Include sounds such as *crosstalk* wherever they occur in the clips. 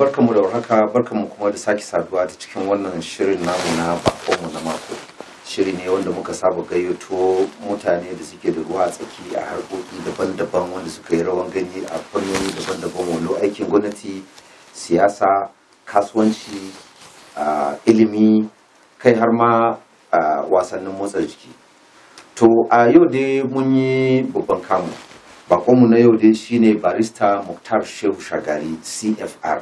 mu da warhaka mu kuma da sake saduwa ta cikin wannan shirin namu na bakonmu na mako shiri ne wanda muka saba gayyato mutane da suke da ruwa tsaki a harkoki daban-daban wanda suka yi rawan gani a fannoni daban-daban wando aikin gwamnati siyasa kasuwanci ilimi kai har ma wasannin motsa jiki to a yau dai mun yi babban kamu bakonmu na yau dai shine barista muktar shehu shagari cfr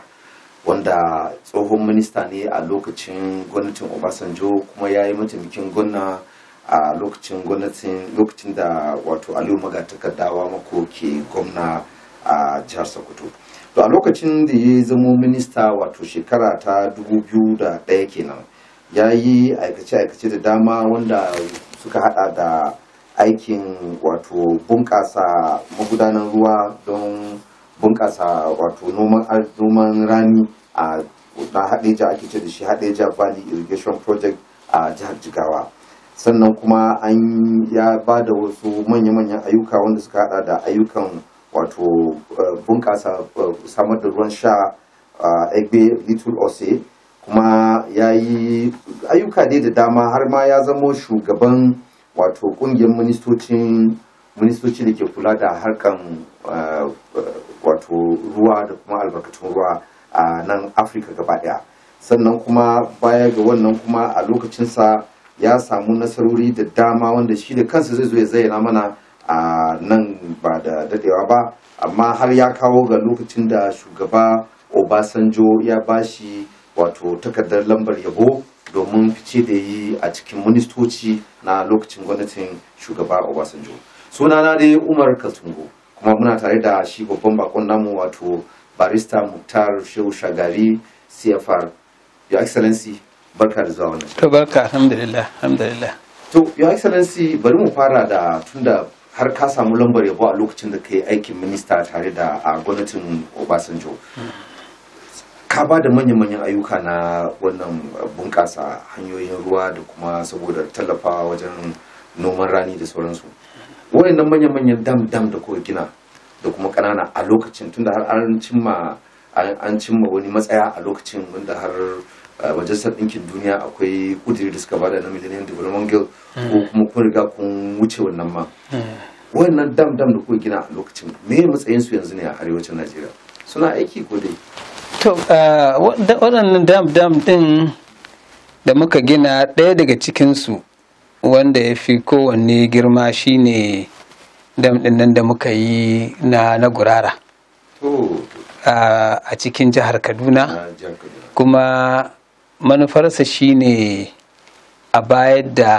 wanda tsohon minista ne a lokacin gwamnatin obasanjo kuma ya yi mataimakin gwamna a lokacin gwamnatin lokacin da wato aliyu magatakardawa mako ke gwamna a jihar sokoto to a lokacin da ya zama minista wato shekara ta 2001 kenan ya yi aikace-aikace da dama wanda suka hada da aikin wato bunƙasa magudanan ruwa don bunƙasa wato noman rani a na haɗeja ake ce da shi haɗeja valley irrigation project a jihar jigawa sannan kuma an ya ba da wasu manya-manyan ayyuka wanda suka haɗa da ayyukan wato eh, bunƙasa eh, samar da ruwan sha eh, egbe little ose kuma ya yi ayyuka dai da dama har ma ya zamo shugaban wato ƙungiyar ministoci da ke kula da harkan wato ruwa da kuma albarkatun ruwa a nan afirka gaba daya sannan kuma baya ga wannan kuma a lokacinsa ya samu nasarori da dama wanda shi da kansa zai zo ya zayyana mana a nan ba da dadewa ba amma har ya kawo ga lokacin da shugaba obasanjo ya bashi wato takardar lambar yabo domin fice da yi a cikin ministoci na lokacin gwamnatin shugaba obasanjo sunana dai umar katungo kuma muna tare da shi babban bakon namu wato barista muktar shehu shagari cfr your excellency barka da zuwa to barka alhamdulillah alhamdulillah to your excellency bari mu fara da tunda har ka samu lambar yabo a lokacin da ka yi aikin minista tare da a gwamnatin obasanjo ka ba da manya-manyan ayyuka na wannan bunƙasa hanyoyin ruwa da kuma saboda tallafawa wajen noman rani da sauransu Wani nan manya-manyan dam dam da kuka gina da kuma ƙanana a lokacin tunda har an cimma wani matsaya a lokacin wanda har eh, majalisar ɗinkin duniya akwai kudiri da suka bada na millennium development goal ko hmm. kuma kun riga kun wuce wannan ma hmm. wannan dam dam da kuka gina a lokacin me matsayin su yanzu ne a arewacin najeriya suna aiki ko dai to eh, waɗannan dam dam ɗin da muka gina ɗaya daga cikinsu wanda ya fi kowanne girma shine dam ɗin nan da muka yi na na gurara a cikin jihar kaduna kuma manufarsa shine a bayar da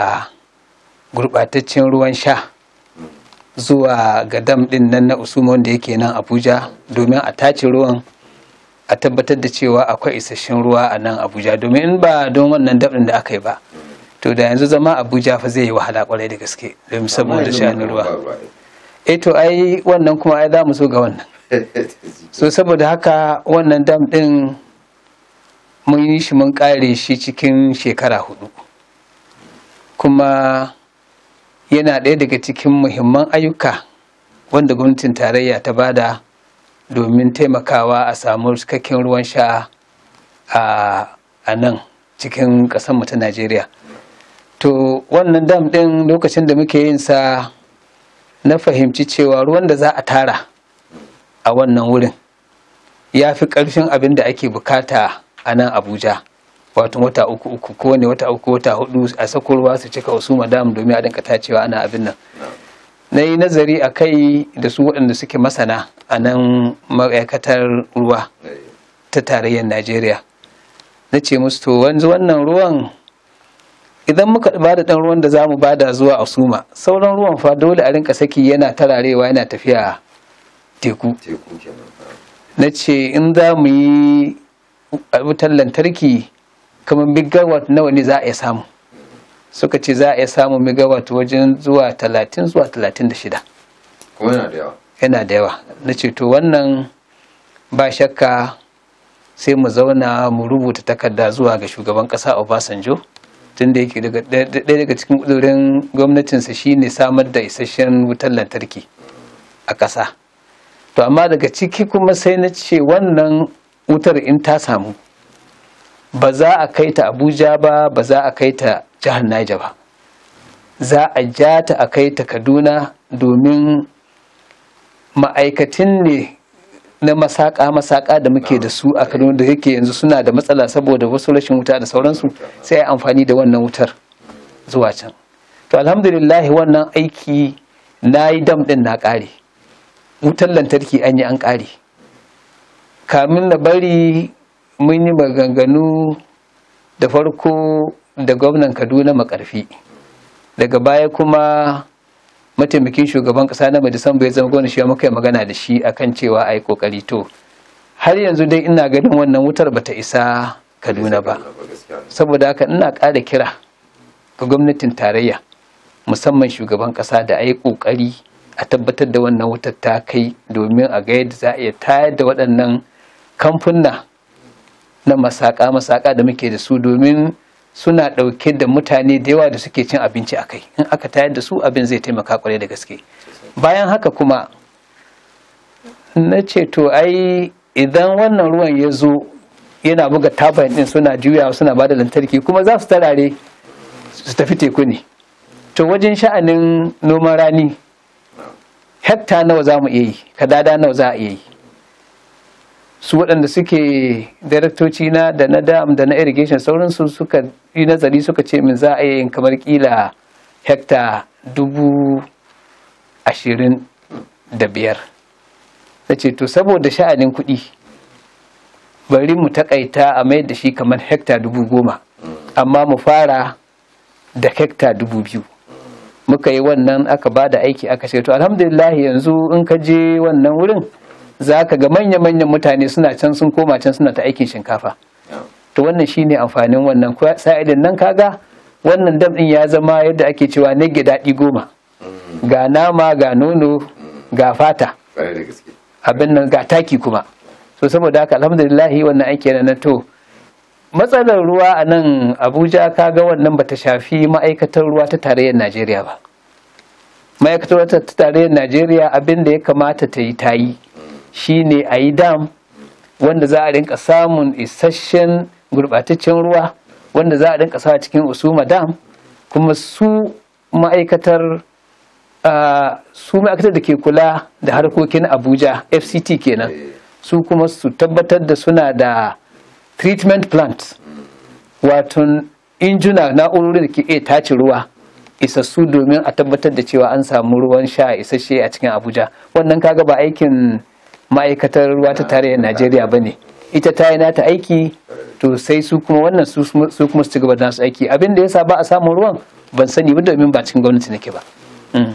gurbataccen ruwan sha zuwa ga dam ɗin nan na usuma wanda yake nan abuja domin a tace ruwan a tabbatar da cewa akwai isasshen ruwa a nan abuja domin in ba don wannan dam ɗin da aka yi ba to da yanzu zama abuja fa zai yi wahala kwarai da gaske domin saboda sha'anin ruwa E, to ai wannan kuma ai za mu so ga wannan *laughs* so saboda haka wannan dam din mun yi shi mun kare shi cikin shekara hudu kuma yana ɗaya daga cikin muhimman ayyuka wanda gwamnatin tarayya ta bada domin taimakawa a samu cikakken ruwan sha a nan cikin ƙasarmu ta najeriya to wannan dam ɗin lokacin da muke yin sa na fahimci cewa ruwan da za a tara a wannan wurin ya fi ƙarfin abin da ake bukata a nan abuja wato wata uku uku ko ne wata uku wata hudu a sako ruwa su cika wasu madam domin a dinka tacewa ana abin nan na yi nazari a kai da su waɗanda suke masana a nan ma'aikatar ruwa ta tarayyar najeriya na ce musu to wanzu wannan ruwan idan muka ba da ɗan ruwan da za mu ba da zuwa a suma sauran ruwan fa dole a rinka saki yana tararewa yana tafiya teku na ce in za mu yi wutar lantarki kamar megawatt nawa ne za a iya samu suka ce za a iya samu megawatt wajen zuwa 30 zuwa 36 kuma yana da yawa yana da yawa na ce to wannan ba shakka sai mu zauna mu rubuta takarda zuwa ga shugaban ƙasa obasanjo tun da yake ɗaya daga cikin ƙudurin gwamnatinsa shine samar da isasshen wutar lantarki a ƙasa to amma daga ciki kuma sai na ce wannan wutar in ta samu ba za a kai ta abuja ba ba za a kai ta jihar naija ba za a ja ta a kai ta kaduna domin ma'aikatin ne na masaka masaka da muke da su a Kano da yake yanzu suna da matsala saboda wasu rashin wuta da sauransu sai a amfani da wannan wutar zuwa can to alhamdulillah wannan aiki na yi dam din na kare wutar lantarki an yi an kare kamin na bari mun yi maganganu da farko da gwamnan kaduna makarfi daga baya kuma mataimakin shugaban kasa na mai disamba ya zama gwamnati shi muka yi magana da shi akan cewa a yi kokari to har yanzu dai ina ganin wannan wutar bata isa kaduna ba saboda haka ina ƙara kira ga gwamnatin tarayya musamman shugaban kasa da a yi kokari a tabbatar da wannan wutar ta kai domin a ga yadda za a iya tayar da waɗannan kamfuna na masaka masaka da muke da su domin suna ɗauke da mutane da yawa da suke cin abinci a kai in aka tayar da su abin zai taimaka kwarai da gaske bayan haka kuma na ce to ai idan wannan ruwan ya zo yana buga tabayin ɗin suna juyawa suna bada lantarki kuma za su tarare su tafi teku ne to wajen sha'anin noman rani hekta nawa za mu iya yi kadada nawa za a iya yi su waɗanda suke daraktoci na da na dam da na irrigation sauransu suka yi nazari suka ce min za a yi yin kamar kila hekta dubu ashirin da biyar na ce to saboda sha'anin kuɗi bari mu takaita a mai da shi kamar hekta dubu goma amma mu fara da hekta dubu biyu muka yi wannan aka ba da aiki aka ce to alhamdulillah yanzu in ka je wannan wurin za ka ga manya-manyan mutane suna can sun koma can suna ta aikin shinkafa to wannan shine amfanin wannan sa'idin nan kaga wannan dam din ya zama yadda ake cewa nage daɗi goma ga nama ga nono ga fata abin nan ga taki kuma so saboda haka alhamdulillah wannan aiki na to matsalar ruwa a nan abuja kaga wannan bata shafi ma'aikatar ruwa ta tarayyar najeriya ba ma'aikatar ruwa ta tarayyar najeriya abin da ya kamata ta yi ta yi shine a yi dam wanda za a rinka samun isasshen gurbataccen ruwa wanda za a rinka sa cikin usuma dam kuma su ma'aikatar su ma'aikatar da ke kula da harkokin abuja fct kenan su kuma su tabbatar da suna da treatment plant wato injuna na'urorin da ke iya tace ruwa isassu domin a tabbatar da cewa an samu ruwan sha isasshe a cikin abuja wannan kaga ba aikin ma'aikatar ruwa ta tarayyar najeriya ba ne ita ta yi nata aiki to sai su kuma wannan su kuma su ci gaba da nasu aiki abin da sa ba a samun ruwan ban sani ba domin ba cikin gwamnati nake ba mm.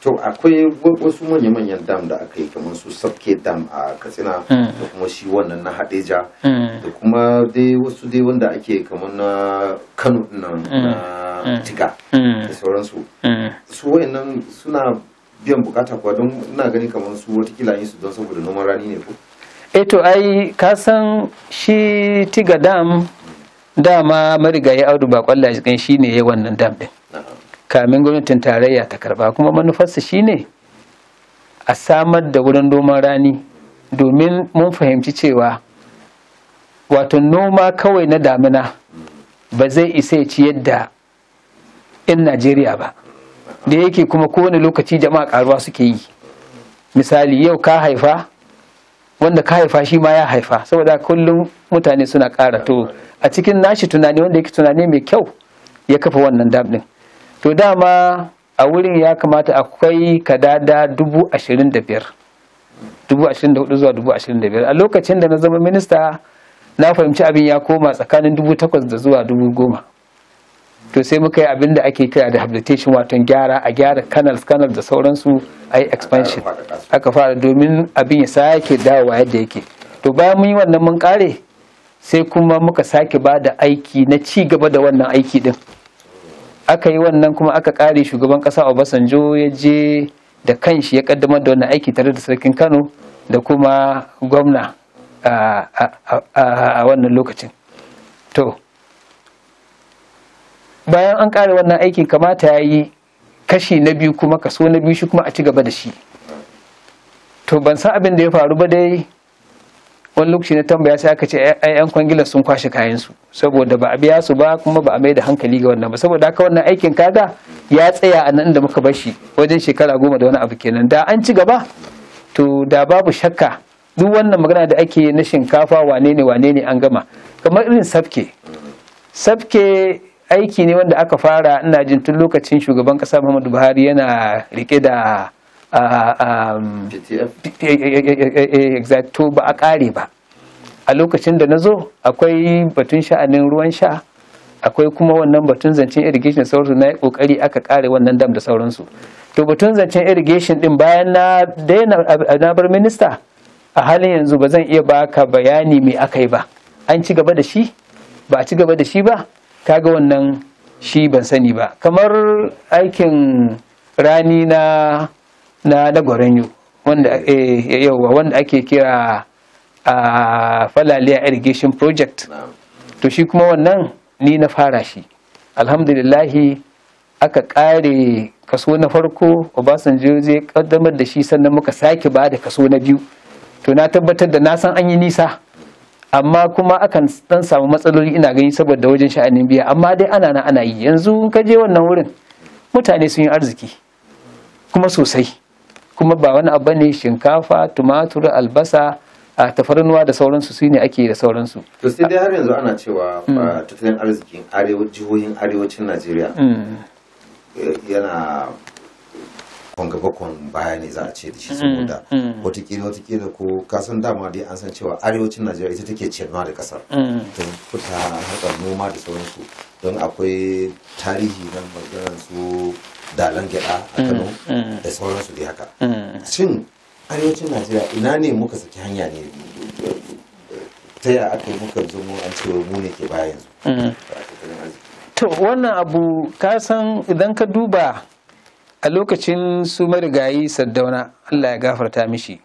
to akwai wasu manya-manyan dam da aka yi kamar su sabke dam a katsina mm. da kuma shi wannan na hadeja mm. da kuma dai wasu dai wanda ake kamar na kano na tiga da sauransu su wayannan suna biyan bukata kuwa don ina gani kamar su watakila yin su don saboda noman rani ne ko eto eh ai ka san shi tiga dam dama marigayi audu ba kwallaye jikin shi ne ya wannan dam din kamin gwamnatin tarayya ta karba kuma manufarsa shine a samar da wurin noman rani domin mun fahimci cewa wato noma kawai na damina ba zai isa ya ciyar da 'yan najeriya ba da yake kuma kowane lokaci jama'a karuwa suke yi misali yau ka haifa wanda ka haifa shi ma ya haifa saboda kullum mutane suna ƙara to a cikin nashi tunani wanda yake tunani mai kyau ya kafa wannan dam to dama a wurin ya kamata akwai kadada dubu ashirin da biyar dubu ashirin da hudu zuwa dubu ashirin da biyar a lokacin da na zama minista na fahimci abin ya koma tsakanin dubu takwas da zuwa dubu goma to sai muka yi abin da ake kira da habilitation wato gyara a gyara canals canals da sauransu a yi expansion aka fara domin abin ya sake dawowa yadda yake to bayan mun yi wannan mun kare sai kuma muka sake ba da aiki na ci gaba da wannan aiki din aka yi wannan kuma aka kare shugaban kasa obasanjo ya je da kanshi ya kaddamar da wannan aiki tare da sarkin kano da kuma gwamna a wannan lokacin to bayan an ƙare wannan aikin kamata ya yi kashi na biyu kuma kaso na biyu shi kuma a ci gaba da shi to ban san abin da ya faru ba dai wani lokaci na tambaya sai aka ce ai yan kwangila sun kwashe su saboda ba a biya su ba kuma ba a mai da hankali ga wannan ba saboda haka wannan aikin kaga ya tsaya a nan da muka bar shi wajen shekara goma da wani abu kenan da an ci gaba to da babu shakka duk wannan magana da ake na shinkafa wane ne wane ne an gama kamar irin safke safke aiki ne wanda aka fara ina jin tun lokacin shugaban kasa muhammadu buhari yana rike da to ba a kare ba a lokacin da na zo akwai batun sha'anin ruwan sha akwai kuma wannan batun zancen irrigation sauransu na yi kokari aka kare wannan dam da sauransu to batun zancen irrigation din bayan na daina na bar minista a halin yanzu ba zan iya baka bayani mai aka yi ba an ci gaba da shi ba a ci gaba da shi ba kaga wannan shi ban sani ba kamar aikin rani na na na wanda eh, yawa wanda ake kira a falalia irrigation project to shi kuma wannan ni na fara shi alhamdulillahi aka kare kaso na farko obasanjo zai kaddamar da shi sannan muka sake ba da kaso na biyu to na tabbatar da na san an yi nisa amma kuma akan dan samu matsaloli ina gani saboda wajen sha'anin biya amma dai ana na ana yi yanzu in ka je wannan wurin mutane sun yi arziki kuma sosai kuma ba wani abu ne shinkafa tumatur albasa a tafarnuwa da sauransu su ne ake da sauransu to sai dai har yanzu ana cewa mm. tattalin arzikin jihohin arewacin najeriya mm. eh, yana kwan gaba kwan baya ne za a ce da shi mm, saboda mm. watakila watakila ko kasan dama dai an san cewa arewacin najeriya ita take ciyarwa da kasar mm. ta fita harkar noma da sauransu don akwai tarihi na maganar su dalan gyada a kano da sauransu dai haka shin arewacin najeriya ina ne muka saki hanya ne ta yaya aka muka zo mu an cewa mu ne ke baya yanzu to wannan abu kasan idan ka duba a lokacin su marigayi saddauna Allah ya gafarta mishi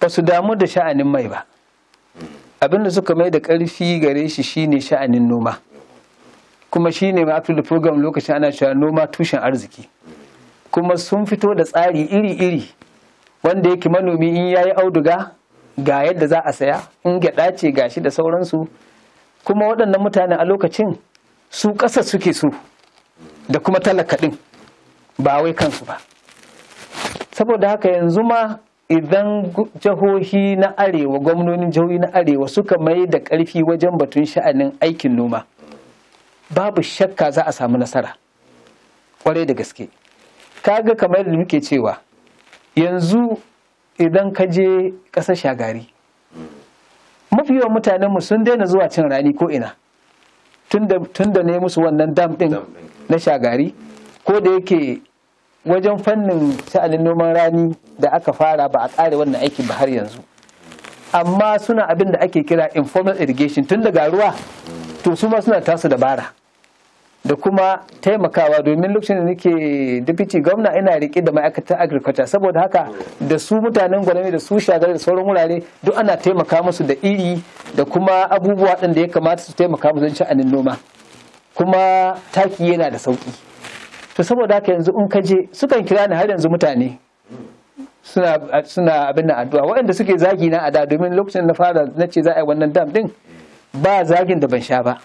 ba su damu da sha'anin mai ba abinda suka mai da ƙarfi gare shi shine sha'anin noma kuma shine ma da program lokacin ana cewa noma tushen arziki kuma sun fito da tsari iri-iri wanda yake manomi in ya yi auduga ga yadda za a saya in gyaɗa ce ga shi da sauransu kuma waɗannan mutane a lokacin su ƙasa suke su da kuma talaka ɗin ba wai kansu ba saboda haka yanzu ma idan jihohi na arewa gwamnonin jihohi na arewa suka mai da ƙarfi wajen batun sha'anin aikin noma babu shakka za a samu nasara kwarai da gaske kaga kamar da muke cewa yanzu idan ka je ƙasar shagari mafi yawan mutanenmu sun daina zuwa cin rani ko ina tun da ne musu wannan dam ɗin na shagari ko da yake wajen fannin sha'anin noman rani da aka fara ba a ƙare wannan aikin ba har yanzu amma suna abin da ake kira informal irrigation tun daga ruwa to su ma suna tasu dabara da kuma taimakawa domin lokacin da nake deputy gwamna ina riƙe da ma'aikatar agriculture saboda haka da su mutanen gwanami da su shagar da sauran wurare duk ana taimaka musu da iri da kuma abubuwa ɗin da ya kamata su taimaka musu don sha'anin noma kuma taki yana da sauƙi to saboda haka yanzu in ka je sukan kira ni har yanzu mutane suna abin addu'a waɗanda suke zagi na a da domin lokacin na fara na ce za a yi wannan dam din ba zagin da ban sha ba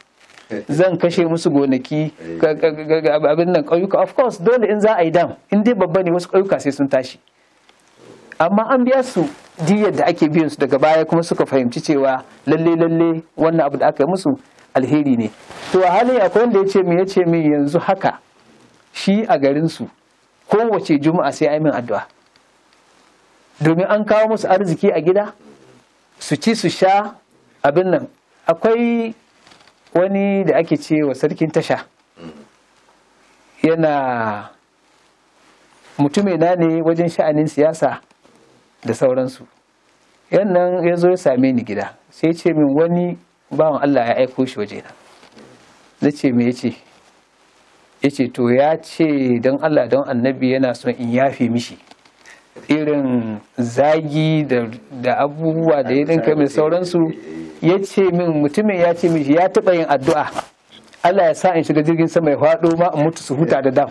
zan kashe musu gonaki abin nan ƙauyuka of course dole in za a yi dam in dai babba ne wasu ƙauyuka sai sun tashi amma an biya su diyar da ake biyan su daga baya kuma suka fahimci cewa lalle lalle wannan abu da aka yi musu alheri ne to a halin akwai wanda ya ce min ya ce min yanzu haka shi a garinsu kowace juma'a sai ai min addu'a domin an kawo musu arziki a gida su ci su sha abin nan akwai wani da ake ce wa sarkin tasha yana na ne wajen sha'anin siyasa da sauransu yannan ya zo ya same ni gida sai ce min wani bawan Allah ya aiko shi wajena na ce me ya ce ya ce to ya ce don Allah don annabi yana son in yafe mishi irin zagi da abubuwa da ya dinka mai sauransu ya ce min mutumin ya ce mishi ya taɓa yin addu'a Allah ya sa in shiga jirgin sama ya faɗo ma in mutu su huta da dam.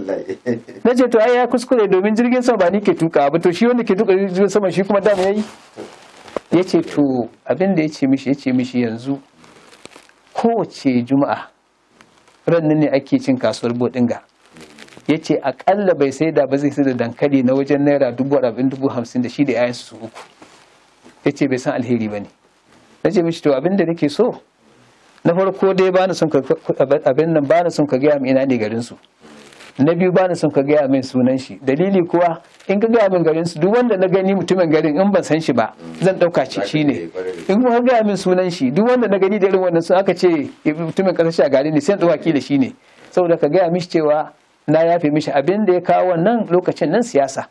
*laughs* Na ce to ai ya kuskure domin jirgin sama ba ni ke tuka ba to shi wanda ke tuka jirgin sama shi kuma dam yi. Ya ce to abin ya ce mishi ya ce mishi yanzu kowace juma'a nan ne ake cin kasuwar bodinga ya ce akalla bai sai da ba zai sai da dankali na wajen naira dubu arba'in dubu hamsin da shi da yayan su uku ya ce bai san alheri ba ne na ce mishi to abin da nake so na farko dai bani son ka abin nan bani son ka gaya ina ne garin su na biyu bani son ka gaya min sunan shi dalili kuwa in ka gaya min garin su duk wanda na gani mutumin garin in ban san shi ba zan dauka shi shine in kuma ka gaya min sunan shi duk wanda na gani da irin wannan sun aka ce mutumin kasar shi a gari ne sai in dauka shi shine saboda ka gaya mishi cewa na yafe mishi abin da ya kawo wannan lokacin nan siyasa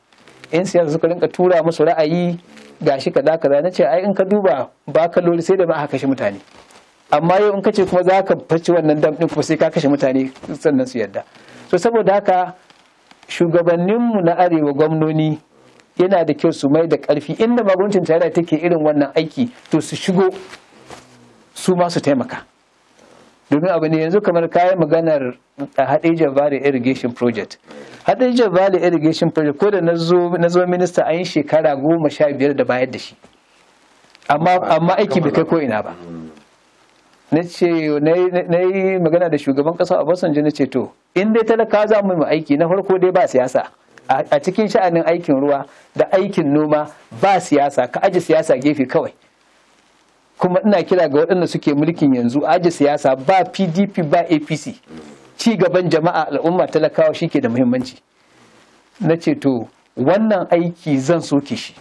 in siyasa suka rinka tura musu ra'ayi gashi kaza kaza na ce ai in ka duba ba ka lori sai da ba aka kashe mutane amma yau in ka ce kuma za ka faci wannan dam din kuma sai ka kashe mutane sannan su yadda. To saboda haka shugabanninmu na arewa gwamnoni yana da kyau su mai da ƙarfi inda magwancin tarayya take irin wannan aiki to su shigo su ma su taimaka domin abu ne yanzu kamar kayan maganar hadeja valley irrigation project hadeja valley irrigation project ko da na zo minista an yi shekara goma sha biyar da bayar da shi amma aiki bai kai ko ina ba na ce na yi magana da shugaban kasa obasanjo na ce to in dai talaka za mu aiki na farko dai ba siyasa a cikin sha'anin aikin ruwa da aikin noma ba siyasa ka aji siyasa gefe kawai kuma ina kira ga waɗanda suke mulkin yanzu aji siyasa ba pdp ba apc ci gaban jama'a al'umma talakawa shi ke da muhimmanci na ce to wannan aiki zan soke shi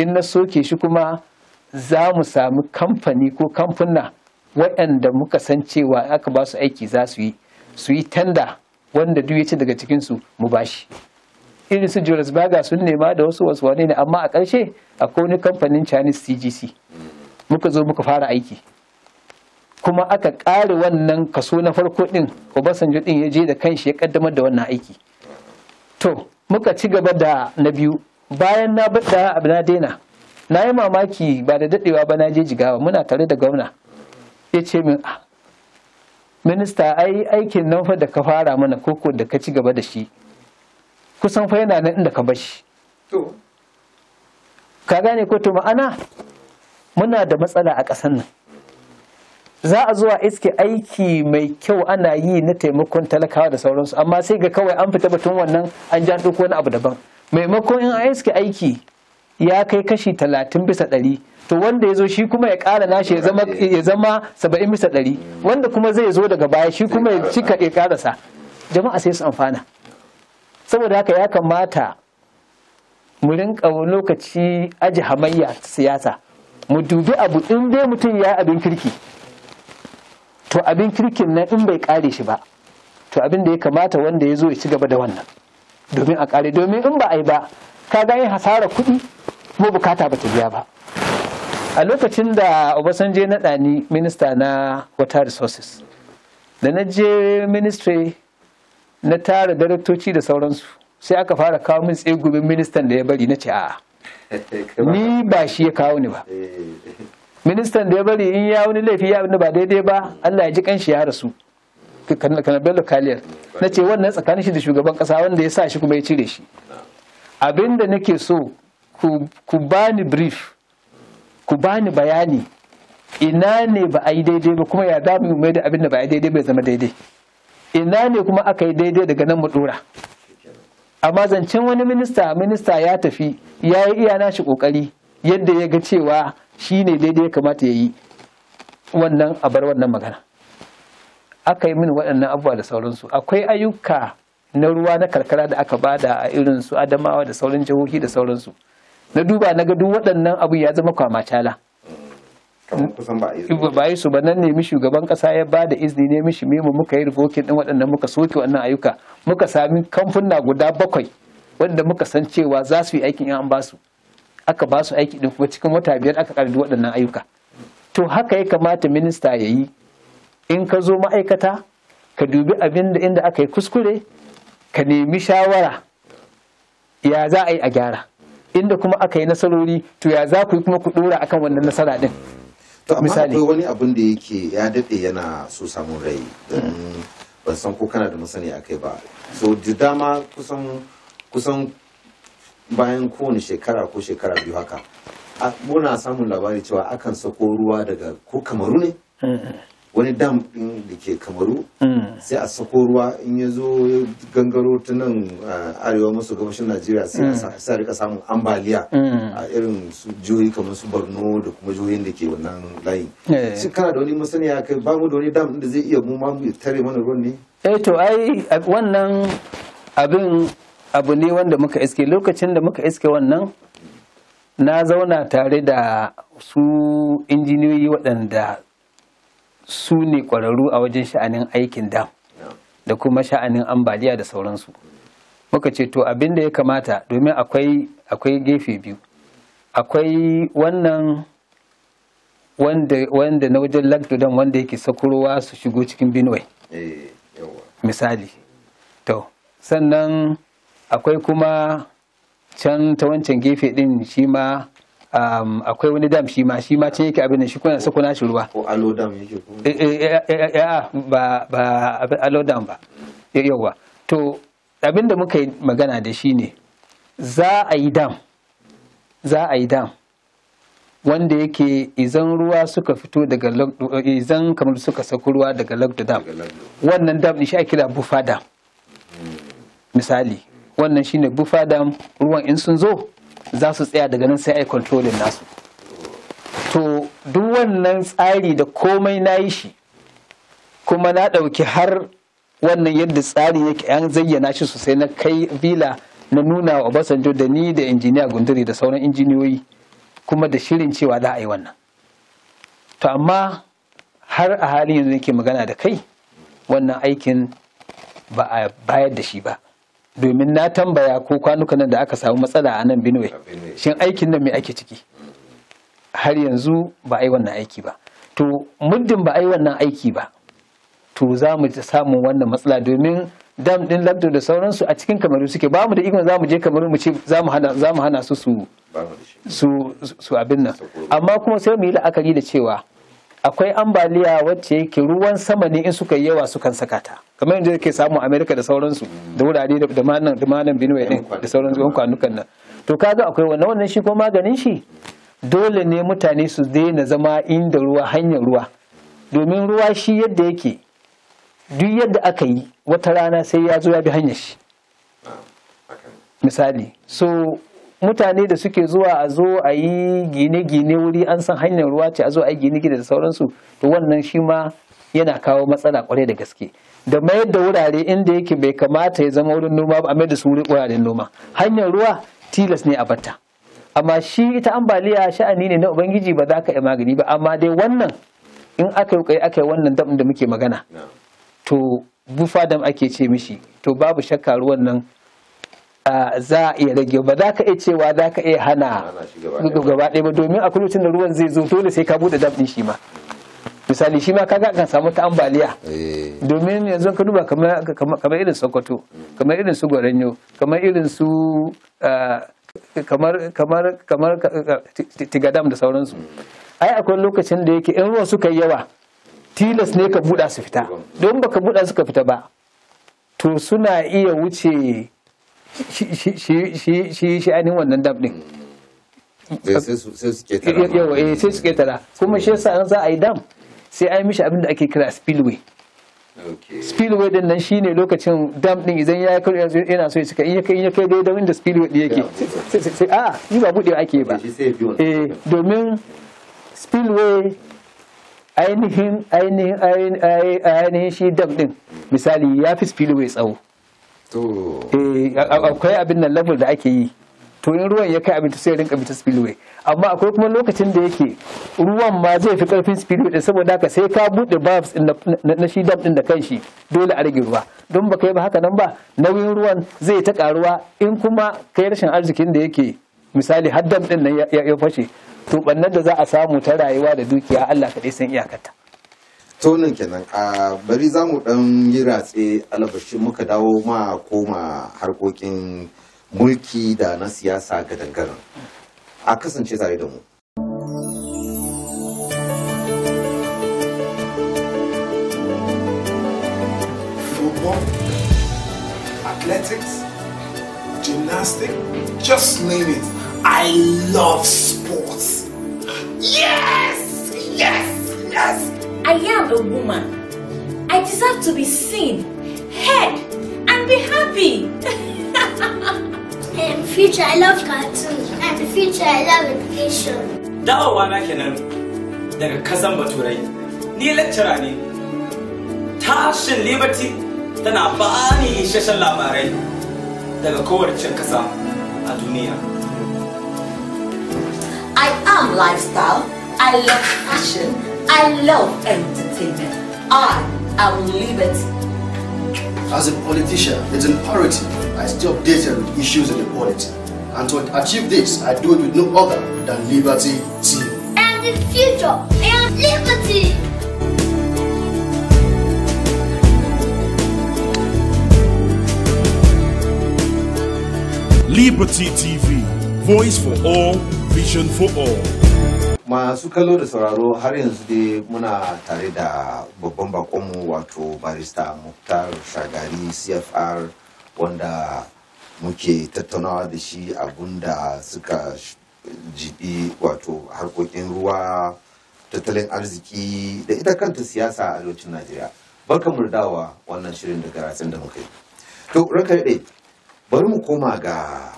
in na soke shi kuma za mu sami kamfani ko kamfuna waɗanda muka san cewa aka ba su aiki za su yi su yi tanda wanda duk ya ci daga cikinsu mu ba shi irin su Jules Berger sun nema da wasu wasu wane ne amma a ƙarshe akwai wani kamfanin Chinese CGC muka zo muka fara aiki kuma aka ƙare wannan kaso na farko ɗin Obasanjo ɗin ya je da kanshi ya ƙaddamar da wannan aiki to muka ci gaba da na biyu bayan na bada abu na daina na yi mamaki ba da daɗewa ba na je jigawa muna tare da gwamna ya ce min a ah, minista ai aikin nan fa da ka fara mana koko da ka ci gaba da shi kusan fa yana nan inda ka bashi ka gane ko to ma'ana muna da matsala a ƙasar nan za a zuwa iske aiki mai kyau ana yi na taimakon talakawa da sauransu amma sai ga kawai an fita batun wannan an ja wani abu daban maimakon in a iske aiki ya kai kashi talatin bisa ɗari to wanda ya zo shi kuma ya ƙara nashi ya zama saba'in bisa ɗari wanda kuma zai zo daga baya shi kuma ya cika ya ƙarasa jama'a sai su amfana saboda haka ya kamata mu rinka lokaci aji hamayya siyasa mu dubi abu in dai mutum ya abin kirki to abin kirkin nan in bai kare shi ba to abin da ya kamata wanda ya zo ya ci gaba da wannan domin a kare domin in ba a yi ba ka ga yin hasarar kuɗi kuma bukata ba ta biya ba a lokacin da obasanjo na ɗani minista na water resources da na je ministry na tara daraktoci da sauransu sai aka fara kawo min tsegumin ministan da ya bari na ce a'a ni ba shi ya kawo ni ba ministan da ya bari in ya wani laifi ya wani ba daidai ba Allah ya ji kanshi ya rasu kana bello kaliyar na ce wannan tsakanin shi da shugaban kasa wanda ya sa shi kuma ya cire shi abinda nake so ku bani brief ku bani bayani ina ne ba a yi daidai ba kuma ya za mu mai da abin da ba a yi daidai bai zama daidai ina ne kuma aka yi daidai daga nan mu dora amma zancen wani minista minista ya tafi ya yi iya nashi kokari yadda ya ga cewa shi ne daidai ya kamata ya yi wannan a bar wannan magana aka yi mini waɗannan abubuwa da sauransu akwai ayyuka na ruwa na karkara da aka bada a irin su adamawa da sauran jihohi da sauransu na duba na ga duk waɗannan abu ya zama cala ba bayi su ba nan nemi shugaban ƙasa ya ba da izini ne mishi memo muka yi rufokin ɗin waɗannan muka soke wannan ayyuka muka sami kamfuna guda bakwai wanda muka san cewa za su yi aikin in an ba su aka ba su aiki ɗin kuma cikin wata biyar aka karbi waɗannan ayyuka to haka ya kamata minista ya yi in ka zo ma'aikata ka dubi abin da inda aka yi kuskure ka nemi shawara ya za a yi a gyara inda kuma aka yi nasarori to ya za ku yi kuma ku dora akan wannan nasara din to amma akwai wani abin da yake ya dade yana so samun rai ban san ko kana da masani akai ba so da dama kusan kusan bayan kowane shekara ko shekara biyu haka muna samun labari cewa akan sako ruwa daga ko kamaru ne wani dam din da ke kamaru hmm. sai a sako ruwa in ya zo gangaro ta nan arewa maso gabashin najeriya sai a hmm. rika samun ambaliya hmm. a irin su jihohi kamar su borno da kuma jihohin da ke wannan layin eh. shi kana da wani masaniya kai ba mu da wani dam da zai iya mu ma mu tare mana ruwan ne eh to ai wannan abin abu ne wanda muka iske lokacin da muka iske wannan na zauna tare da su injiniyoyi waɗanda su ne ƙwararru a wajen sha'anin aikin dam da kuma sha'anin ambaliya da sauransu muka ce to abin da ya kamata domin akwai gefe biyu akwai wannan wanda na wajen lagdodan wanda yake sakurowa su shigo cikin benue eh, misali to sannan akwai kuma can ta wancan gefe din shi ma Um, akwai wani dam shi ma shi ma can yake abin da shi kuna sako nashi ruwa ko alo dam yake ko eh, eh, eh, ah, ba ba alo dam ba yawa to abin da muka yi magana da shi ne za a yi dam za a yi dam wanda yake izan ruwa suka fito daga izan kamar suka sako ruwa daga lagdo dam wannan dam shi a kira bufa dam hmm. misali wannan shine bufa dam ruwan in sun zo za su tsaya daga nan sai ai kontrolin nasu to duk wannan tsari da komai na yi shi kuma na ɗauki har wannan yadda tsari yake an zayyana shi sosai na kai vila na nuna wa basanjo, da ni da injiniya gunduri da sauran injiniyoyi kuma da shirin cewa za a yi wannan to amma har a halin yanzu nake magana da kai wannan aikin ba a bayar da shi ba domin na tambaya ko kwanuka nan da aka samu matsala a nan Benue shin aikin nan me ake ciki har yanzu ba a yi wannan aiki ba to muddin ba a yi wannan aiki ba to za mu samu wannan matsala domin dam din labdo da sauransu a cikin kamaru suke ba mu da ikon za mu je kamaru mu ce za mu hana su su su abin nan amma kuma sai mu yi la'akari da cewa akwai ambaliya wacce yake ruwan sama ne in suka yi yawa sukan saka ta kamar yadda yake samu amerika da sauransu da wurare da manan da manan benue da sauransu yan kwanukan nan to kaga akwai wannan wannan shi ko maganin shi dole ne mutane su daina zama inda ruwa hanyar ruwa domin ruwa shi yadda yake duk yadda aka yi wata rana sai ya zo ya bi hanyar shi misali so mutane da suke zuwa a zo a yi gine-gine wuri an san hanyar ruwa ce a zo a yi gine-gine da sauransu to wannan shi ma yana kawo matsala kwarai da gaske da mayar da wurare inda yake bai kamata ya zama wurin noma ba a mayar da su wuraren noma hanyar ruwa tilas ne a batta amma shi ita ambaliya sha'ani ne na ubangiji ba za ka yi magani ba amma dai wannan in aka yi kai aka yi wannan dabin da muke magana to bufa dam ake ce mishi to babu shakka ruwan nan za a iya rage ba za ka iya cewa za ka iya hana gaba ɗaya ba domin a lokacin da ruwan zai zo dole sai ka buɗe dam shi ma misali shi ma ga kan samu ta ambaliya eh. domin yanzu ka duba kamar irin sokoto kamar irin su kamar irin su kamar kamar tigadam da sauransu mm. ai akwai lokacin da yake in ruwan suka yi yawa tilas ne ka buɗa su fita don baka buɗa suka fita ba to suna iya wuce shi shi ainihin wannan dam din eh, sai su tara eh, eh, kuma shi yasa an za a yi dam sai a yi mishi abin da ake kira spillway spillway din nan shine lokacin dam din idan ya kai yana so ya cika in ya kai ya kai dai da inda spillway din yake sai a ah, ni ba budewa ake ba eh domin spillway ainihin ainihin ainihin shi dam din misali ya fi spillway tsawo Eh, akwai abin nan level da ake yi to in ruwan ya kai abin sai rinka bi ta spillway amma akwai kuma lokacin da yake ruwan ma zai fi karfin spillway din saboda haka sai ka bude valves din na shi dam din da kanshi dole a rage ruwa don ba yi ba haka nan ba nauyin ruwan zai ta karuwa in kuma kai rashin arzikin da yake misali har dam din nan ya fashe to bannan da za a samu ta rayuwa da dukiya Allah kaɗai san iyakarta tonin kenan a bari za dan yi ratse albashi muka dawo ma koma harkokin mulki da na siyasa ga dangaren a kasance tare da mu athletics gymnastics just name it i love sports yes yes I am a woman. I deserve to be seen, heard, and be happy. In *laughs* the future, I love cartoons. In the future, I love education. Dawowa na kenan daga kasan baturai. Ni lecture ani. Tashin Liberty tana bani isasshen labarai daga kowace kasa a duniya. I am lifestyle. I love fashion. I love entertainment. I, am liberty. As a politician, it's imperative I stay updated with issues in the polity. And to achieve this, I do it with no other than Liberty TV. And the future, and Liberty! Liberty TV, voice for all, vision for all. masu kallo da sauraro har yanzu dai muna tare da babban bakonmu wato barista muktar shagari cfr wanda muke tattaunawa da shi abinda suka jiɗi wato harkokin ruwa tattalin arziki da ita kanta siyasa a lokacin najeriya barka murdawa dawa wannan shirin da garatsin da muka yi to ranka daɗe bari mu koma ga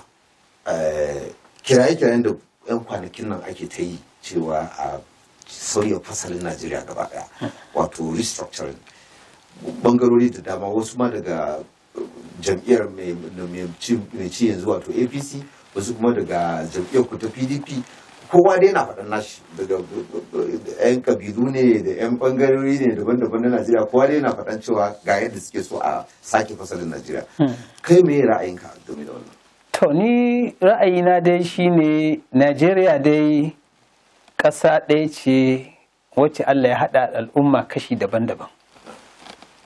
eh, kiraye-kirayen da 'yan kwanakin nan ake ta yi cewa a sauya fasalin najeriya gaba daya wato restructuring bangarori da dama wasu ma daga uh, jam'iyyar mai ci yanzu wato apc wasu kuma daga jam'iyyar ku ta pdp kowa dai na faɗin nashi daga uh, uh, 'yan kabilu ne da 'yan bangarori ne daban-daban na najeriya kowa dai na faɗan cewa ga yadda suke so a sake fasalin najeriya hmm. kai me ra'ayinka game da wannan to ni ra'ayina dai shine najeriya dai ƙasa ɗaya ce wacce Allah ya haɗa al'umma kashi daban-daban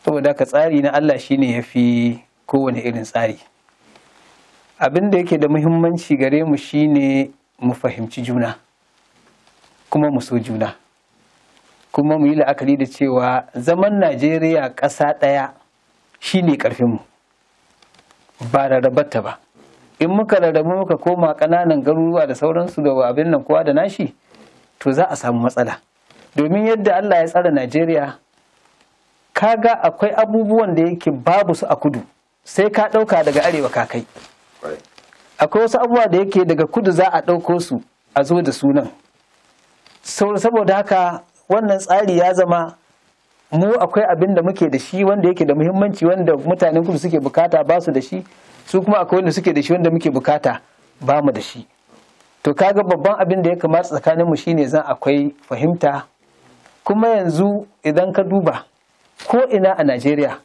saboda ka tsari na Allah shi ne ya fi kowane irin tsari abin da yake da muhimmanci gare mu shi ne mu fahimci juna kuma mu so juna kuma mu yi la'akari da cewa zaman najeriya ƙasa ɗaya shi ne ƙarfinmu ba rarrabarta ba in muka rarrabu muka koma ƙananan garuruwa da sauransu da abin nan kowa da nashi to za a samu matsala domin yadda Allah ya tsara Najeriya ka ga akwai abubuwan da yake babu su a kudu sai ka ɗauka daga arewa ka kai akwai wasu abubuwa da yake daga kudu za a ɗauko su a zo da sunan saboda haka wannan tsari ya zama mu akwai abin da muke da shi wanda yake da muhimmanci wanda mutanen kudu suke bukata ba su da shi su kuma akwai wanda suke da shi wanda muke bukata ba mu da shi to kaga babban abin da ya kamata tsakanin mu shine zan akwai fahimta kuma yanzu idan ka duba ko ina a Najeriya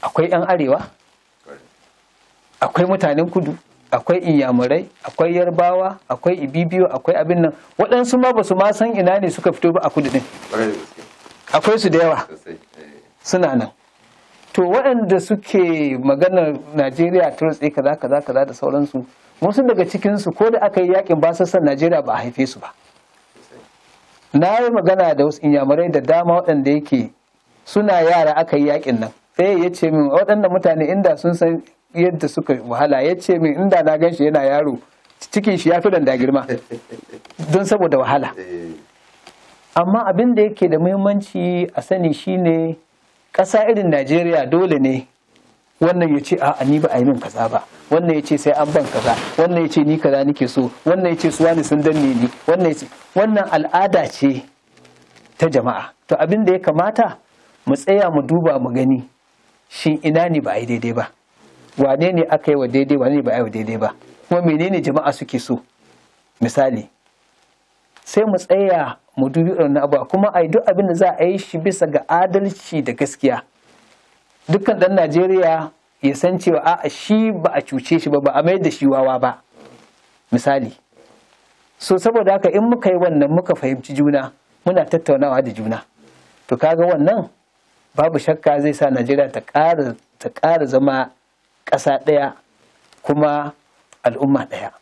akwai 'yan arewa akwai mutanen kudu akwai inyamurai akwai yarbawa akwai ibibiyo akwai abin nan waɗansu ma ba su ma san ina ne suka fito ba a kudu din akwai su da yawa eh. suna nan to waɗanda suke maganar najeriya ta ratse kaza kaza kaza da sauransu wasu daga cikinsu ko da aka yi yakin basassan najeriya ba a haife su ba na yi magana da wasu inyamurai da dama waɗanda yake suna yara aka yi yakin nan sai ya ce min waɗanda mutane inda sun san yadda suka wahala ya ce min inda na gan shi yana yaro cikin shi ya fi da girma *laughs* don saboda wahala eh. amma abin da yake da muhimmanci a sani shine ƙasa irin najeriya dole ne wannan ya ce a'a ni ba a yi min kaza ba wannan ya ce sai an ban kaza wannan ya ce ni kaza nake so wannan ya ce su wani sun danne ni wannan al'ada ce ta jama'a to abin da ya kamata mu tsaya mu duba mu gani shin ina ne ba a yi daidai ba wane ne aka yi wa daidai wane ne ba a yi wa daidai ba kuma menene jama'a suke so misali sai mu tsaya mu dubi wannan abu kuma a yi duk abin da za a yi shi bisa ga adalci da gaskiya dukkan ɗan najeriya ya san cewa a shi ba a cuce shi ba ba a mai da shi wawa ba misali so saboda haka in muka yi wannan muka fahimci juna muna tattaunawa da juna to kaga wannan babu shakka zai sa najeriya ta ƙara zama ƙasa ɗaya kuma al'umma ɗaya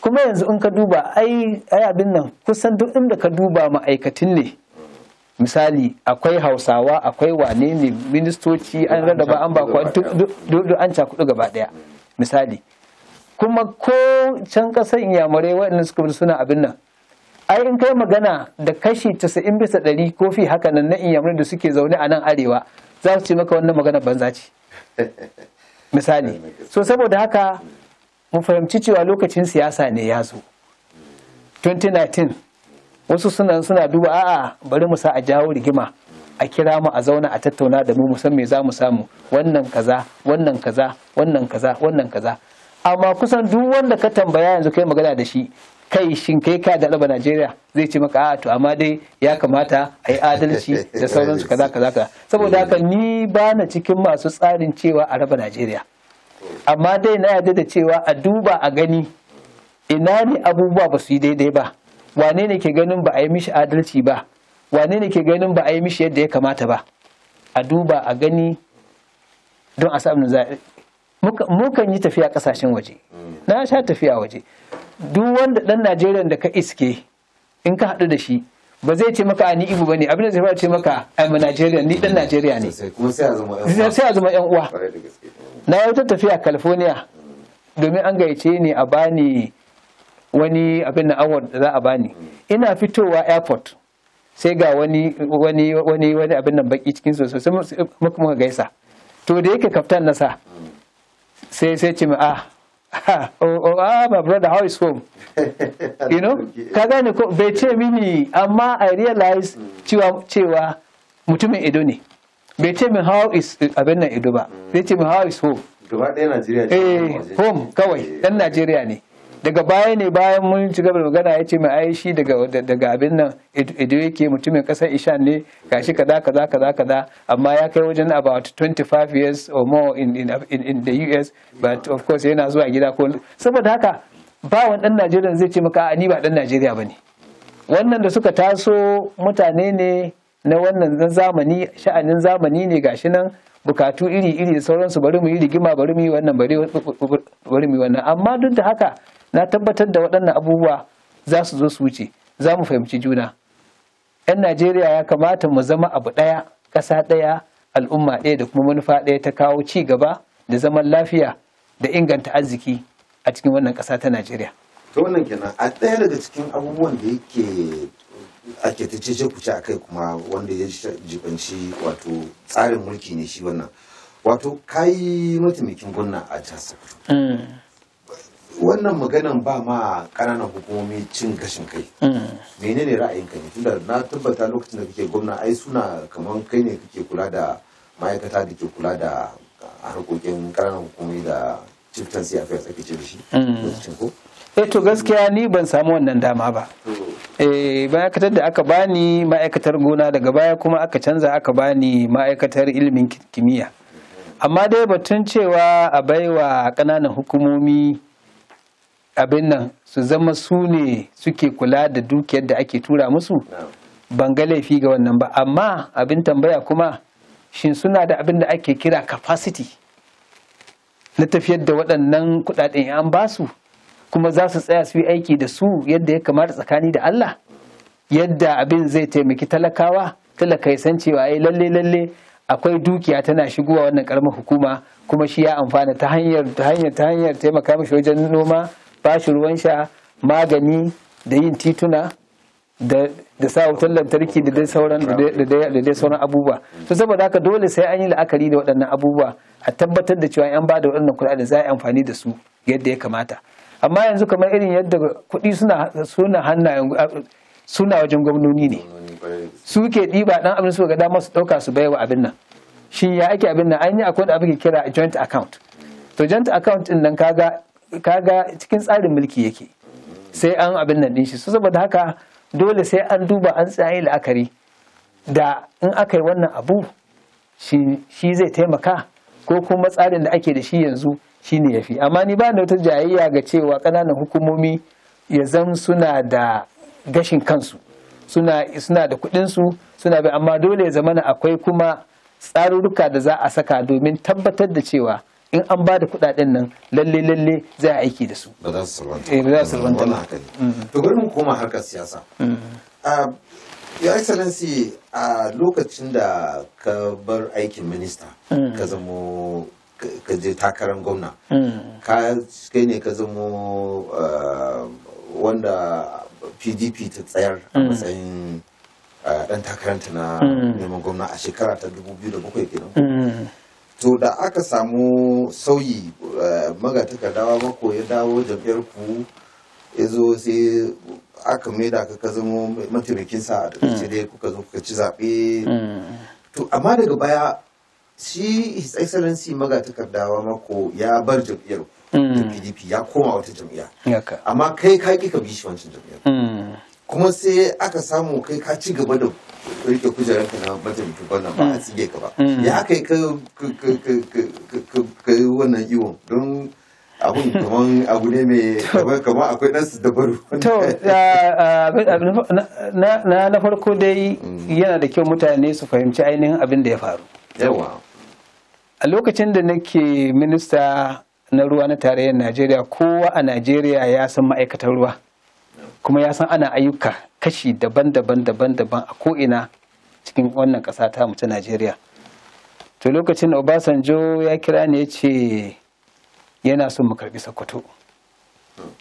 kuma yanzu in ka duba ai abin nan kusan duk inda ka duba ma'aikatun ne misali akwai hausawa akwai wane ne ministoci an rarraba an ba duk an cakudu gaba daya misali kuma ko can kasar inyamurai waɗanda suka suna abin nan ai in kai magana da kashi 90 bisa ɗari ko fi haka na inyamurai da suke zaune a nan arewa za su ce maka wannan magana banza ce *laughs* misali so saboda haka mu fahimci cewa lokacin siyasa ne ya zo 2019 wasu suna suna duba a'a bari mu sa a jawo rigima a kira mu a zauna a tattauna da mu san me za mu samu wannan kaza wannan kaza wannan kaza wannan kaza amma kusan duk wanda ka tambaya yanzu kai magana da shi kai shin kai ka da raba Najeriya zai ce maka a'a to amma dai ya kamata a yi adalci da sauransu kaza kaza kaza saboda haka ni ba na cikin masu tsarin cewa a raba Najeriya amma dai na yarda da cewa a duba a gani ina ne abubuwa ba su yi daidai ba wane ne ke ganin ba a yi mishi adalci ba wane ne ke ganin ba a yi mishi yadda ya kamata ba a duba a gani don a samu mukan yi tafiya kasashen waje na sha tafiya waje duk wanda ɗan najeriya da ka iske in ka haɗu da shi ba zai ce maka ni ibu bane abin da zai fara ce maka ai ma Najeriya ni dan Najeriya ne sai a zama yan uwa na yi ta tafiya California domin an gayyace ni a bani wani abin na award za a bani ina fitowa airport sai ga wani wani wani wani abin nan baki cikin sosai sai muka muka gaisa to da yake kaftan na sa sai sai ce ah *laughs* oh, oh ah my brother how is home *laughs* you know ka gane ko bai ce mini amma i realize cewa cewa mutumin ido ne bai ce min how is abin nan ido ba sai ce min how is home gaba ɗaya Najeriya ce eh, home kawai dan Najeriya ne daga baya ne bayan mun ci gaba da magana ya ce mai aishi daga abin nan ido yake mutumin kasar ishan ne gashi kaza kaza kaza kaza amma ya kai wajen about 25 years or more in, in, in, in the US but of course yana zuwa gida ko saboda haka ba wani dan Najeriya zai ce maka a ni ba dan Najeriya bane wannan da suka taso mutane ne na wannan zamani sha'anin zamani ne gashi nan bukatu iri-iri sauransu bari mu yi rigima bari mu yi wannan bari mu yi wannan amma duk da haka na tabbatar da waɗannan abubuwa za su zo su wuce za mu fahimci juna 'yan najeriya ya kamata mu zama abu ɗaya ƙasa ɗaya al'umma ɗaya da kuma manufa ɗaya ta kawo ci gaba da zaman lafiya da inganta arziki a cikin wannan ƙasa ta najeriya to wannan kenan a ɗaya daga cikin abubuwan da yake ake ta cece kuce a kai kuma wanda ya jibanci wato tsarin mulki ne shi wannan wato kayi mataimakin gwamna a jihar sokoto mm. wannan maganan ba ma ƙananan hukumomi cin gashin kai menene ra'ayinka ne tunda na tabbata lokacin da kake gwamna ai suna kamar kai ne kake kula da ma'aikata da ke kula da harkokin ƙananan hukumomi da ciftansi a fiye ce da shi mm. eh to gaskiya ni ban samu wannan dama ba eh ma'aikatar da aka bani ma'aikatar gona daga baya kuma aka canza aka bani ma'aikatar ilimin kimiyya amma dai batun cewa a baiwa ƙananan hukumomi abin nan su zama su ne suke kula da dukiyar da ake tura musu ban ga laifi ga wannan ba amma abin tambaya kuma shin suna da abin da ake kira capacity na tafiyar da waɗannan kuɗaɗen an ba su kuma za su tsaya su yi aiki da su yadda ya kamata tsakani da Allah yadda abin zai taimaki talakawa talaka san cewa ai lalle lalle akwai dukiya tana shigowa wannan karamar hukuma kuma shi ya amfana ta hanyar ta hanyar ta hanyar taimaka mishi wajen noma bashi ruwan sha magani da yin tituna da sa wutar lantarki da dai sauran abubuwa to saboda haka dole sai an yi la'akari da waɗannan abubuwa a tabbatar da cewa an ba da waɗannan da za a yi amfani da su yadda ya kamata amma yanzu kamar irin yadda kuɗi suna hannayen suna wajen gwamnoni ne su ke ɗiba ɗan abin su ga dama su ɗauka su baiwa abin nan shin ya ake abin nan an yi akwai da abin kira joint account to joint account ɗin nan kaga kaga cikin tsarin mulki yake sai an abin nan din shi so saboda haka dole sai an duba an tsaye la'akari da in aka yi wannan abu shi zai taimaka ko kuma tsarin da ake da shi yanzu shi ne ya fi amma ni ba da wata jayayya ga cewa ƙananan hukumomi ya zan suna da gashin kansu suna da kuɗinsu suna bai amma dole ya zamana akwai kuma tsarurruka da za a saka domin tabbatar da cewa in an ba da kuɗaɗen nan lalle lalle za aiki da su ba za su salwanta eh, ba to bari koma harkar siyasa mm. ah, your excellency a lokacin da ka bar aikin minista mm. ka zamo ka je takarar gwamna mm. ka kai ne ka zamo ah, wanda pdp ta tsayar a matsayin dan ah, takaranta na neman gwamna a shekara ta 2007 kenan to da aka samu sauyi eh, magatakardawa mako ya dawo jam'iyyar ku ya zo sai aka maida ka ka zama mataimakin sa da ce mm. dai kuka zo kuka ci zaɓe mm. to amma daga baya shi his excellency magatakardawa mako ya bar jam'iyyar ku da pdp mm. ya koma wata jam'iyya amma kai ka ƙi ka bi shi wancan jam'iyyar kuma sai aka samu kai ka ci gaba da rike kujerar ka na mataimakin gwamna ba a tsige ka ba mm. Mm. ya aka yi ka yi wannan iwon don abun *laughs* kaman abu ne mai kamar akwai dan su dabaru to *laughs* na na farko dai mm. yana da kyau mutane su fahimci ainihin abin da ya faru yawa a lokacin da nake minista na ruwa na tarayyar Najeriya kowa a Najeriya ya san ma'aikatan ruwa kuma ya san ana ayyuka kashi daban-daban daban-daban a ko'ina cikin wannan ƙasa ta mu ta Najeriya. To lokacin Obasanjo ya kira ne ya ce yana son mu karbi Sokoto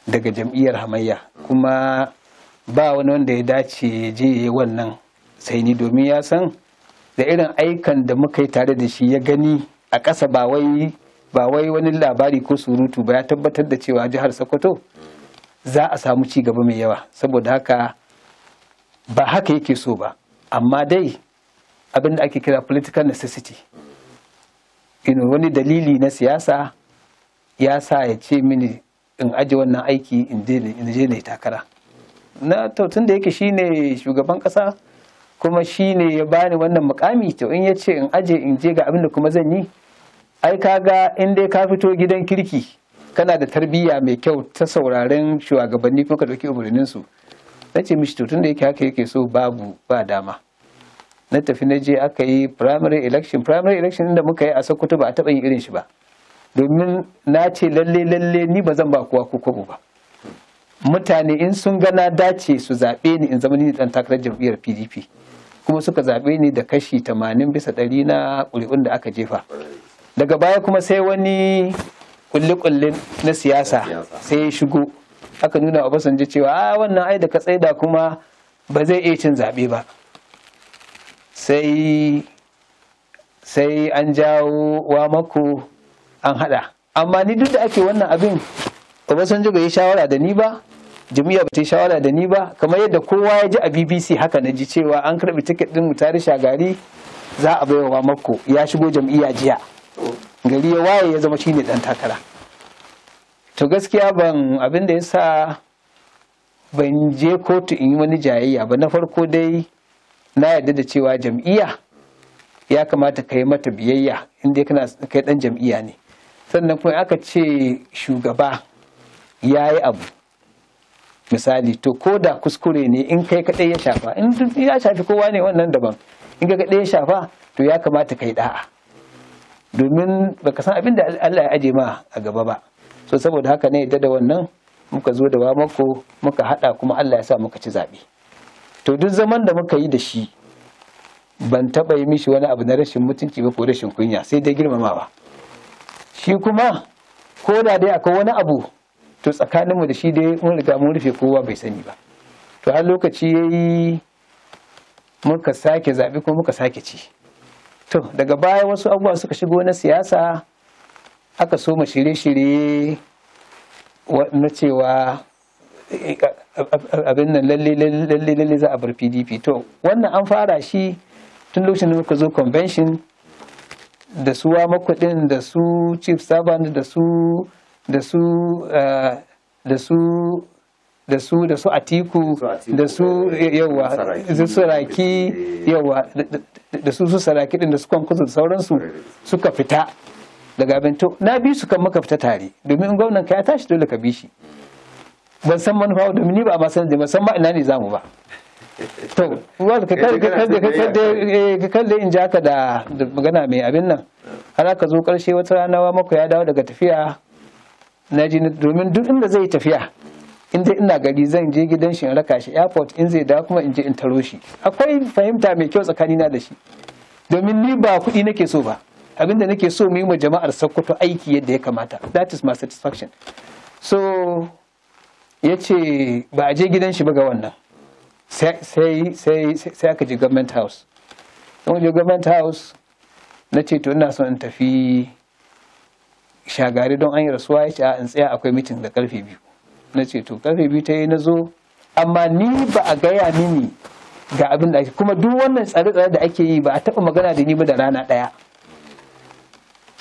daga jam'iyyar hamayya kuma ba wani wanda ya dace ya je ya yi wannan sai ni domin ya san da irin aikan da muka yi tare da shi ya gani a ƙasa ba wai ba wai wani labari ko surutu ba ya tabbatar da cewa jihar Sokoto za a samu ci gaba mai yawa saboda haka ba haka yake so ba amma dai abin da ake kira political necessity inu wani dalili na siyasa ya sa ya ce mini in aji wannan aiki in je na takara na tautun da yake ne shugaban ƙasa, kuma shi ne ya bani wannan mukami to in ya ce in aje in je ga abin da kuma zan yi ai ga in dai ka fito gidan kirki kana da tarbiyya mai kyau ta sauraren shugabanni kuma ka ɗauki umarninsu su na ce mishi to da yake haka yake so babu ba dama na tafi na je aka yi primary election primary election da muka yi a sokoto ba a taɓa yin irin shi ba domin na ce lalle lalle ni ba zan ba kowa ko kwabo ba mutane in sun ga na dace su zaɓe ni in zama ni dan takarar jam'iyyar pdp kuma suka zaɓe ni da kashi tamanin bisa ɗari na ƙuri'un da aka jefa daga baya kuma sai wani kulle-kulle na siyasa sai ya shigo aka nuna Obasanjo cewa a ah, wannan ai da ka tsaida kuma ba zai iya cin zaɓe ba sai an jawo wa mako an haɗa amma ni duk da ake wannan abin Obasanjo bai yi shawara da ni ba jami'a ba ta yi shawara da ni ba kamar yadda kowa ya ji a bbc haka na ji cewa an karɓi tiket ɗin mu tare shagari za a baiwa mako ya shigo jam'iyya jiya gari ya waye ya zama shine ɗan takara to gaskiya ban abin da ya sa ban je kotu in yi wani jayayya ba na farko dai na yarda da cewa jam'iyya ya kamata ka yi mata biyayya inda kana kai dan jam'iyya ne sannan kuma aka ce shugaba ya yi abu misali to ko da kuskure ne in kai kaɗai ya shafa in ya shafi kowa ne wannan daban in ka kaɗai ya shafa to ya kamata ka yi da'a domin baka san abin da Allah ya ajiye ma a gaba ba so saboda haka ne da wannan muka zo da wamako muka hada kuma Allah ya sa muka ci zaɓe to duk zaman da muka yi da shi ban taɓa yi mishi wani abu na rashin mutunci ba ko rashin kunya sai dai girmamawa shi kuma ko da dai akwai wani abu to mu da shi dai mun riga mun rufe kowa bai sani ba to har lokaci yayi muka sake zaɓe kuma muka sake ci to daga baya wasu abubuwa suka shigo na siyasa aka soma shirye-shirye na cewa eh, abin nan lalle-lalle za a bar pdp to wannan an fara shi tun lokacin da muka zo convention da su makudin da su chief servant da su da su eh, da su da su da su atiku da su eh, yawa da su saraki yawa da su su saraki din da su kwankwaso da sauransu suka fita daga abin to na bi su kan maka fita tare domin in gwamnan ka ya tashi dole ka bi shi ban san manufa domin ni ba ma san ba san ma ina ne mu ba *laughs* to ka kalle in ja ka da magana mai abin nan har aka zo karshe wata rana wa mako ya dawo daga tafiya na ji domin duk inda zai tafiya in dai ina gari zan je gidan shi in raka shi airport in zai dawo kuma in je in taro shi akwai fahimta mai kyau tsakanina da shi domin ni ba kuɗi nake so ba Abin da nake so mu yi ma jama'ar Sokoto aiki yadda ya kamata that is my satisfaction so ya ce ba a je gidan shi ba ga wannan sai aka je government house don je government house na ce to ina son in tafi shagari don an yi rasuwa ya ce a in tsaya akwai mitin da karfe biyu na ce to karfe biyu ta yi na zo amma ni ba a gaya mini ga abin da ake kuma duk wannan tsare-tsare da ake yi ba a taɓa magana da ni ba da rana ɗaya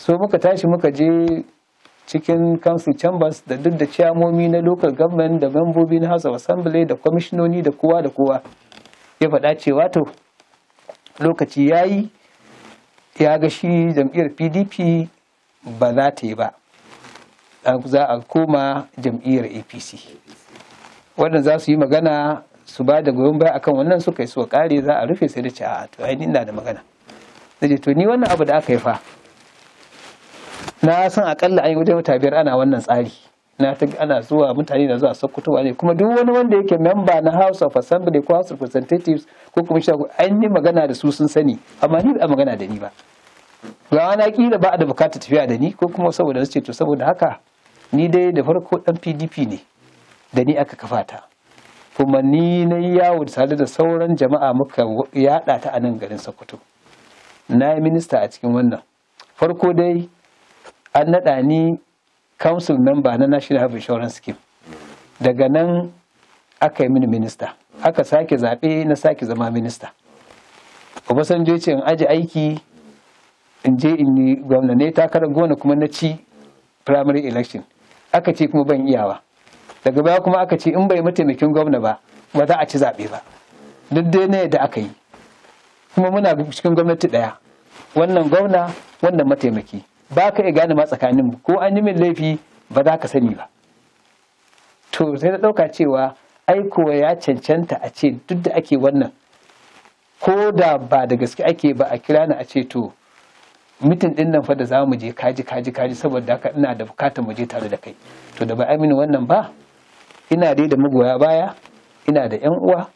so muka tashi muka je cikin council chambers da duk da ciyamomi na local government da membobi na house of assembly da kwamishinoni da kowa da kowa ya faɗa cewa to lokaci ya yi ya ga shi jam'iyyar pdp ba za ta yi ba za a koma jam'iyyar apc wannan za su yi magana su ba da goyon baya akan wannan suka yi suka kare za a rufe sai da ci a to ai ina da magana je to ni wannan abu da aka yi fa na san akalla an yi wajen wata biyar ana wannan tsari na ta ana zuwa mutane na zuwa sokotowa ne kuma duk wani wanda yake memba na house of assembly ko house of representatives ko kuma shago an yi magana da su sun sani amma ni ba magana da ni ba ga wani kila ba da bukatar tafiya da ni ko kuma saboda su ce to saboda haka ni dai da farko dan pdp ne da ni aka kafa ta kuma ni na yi yawo tare da sauran jama'a muka yada ta a nan garin sokoto na yi minista a cikin wannan farko dai an naɗa ni council member na national health insurance scheme daga nan aka yi mini minista aka sake zaɓe na sake zama minista obasanjo ce in aji aiki in je in yi gwamna ne takarar gona kuma na ci primary election aka ce kuma ban iyawa daga baya kuma aka ce in bai mataimakin gwamna ba ba za a ci zaɓe ba duk dai na yadda aka yi kuma muna cikin gwamnati ɗaya wannan gwamna wannan mataimaki ba ka iya gane ma tsakaninmu ko an yi min laifi ba za ka sani ba to sai na ɗauka cewa aikowa ya cancanta a ce duk da ake wannan ko da ba da gaske ake ba a kira ni a ce to mitin din nan fa da zamu je kaji kaji kaji saboda haka ina da bukatar mu je tare da kai to da ba mini wannan ba ina dai da magoya baya ina da yan uwa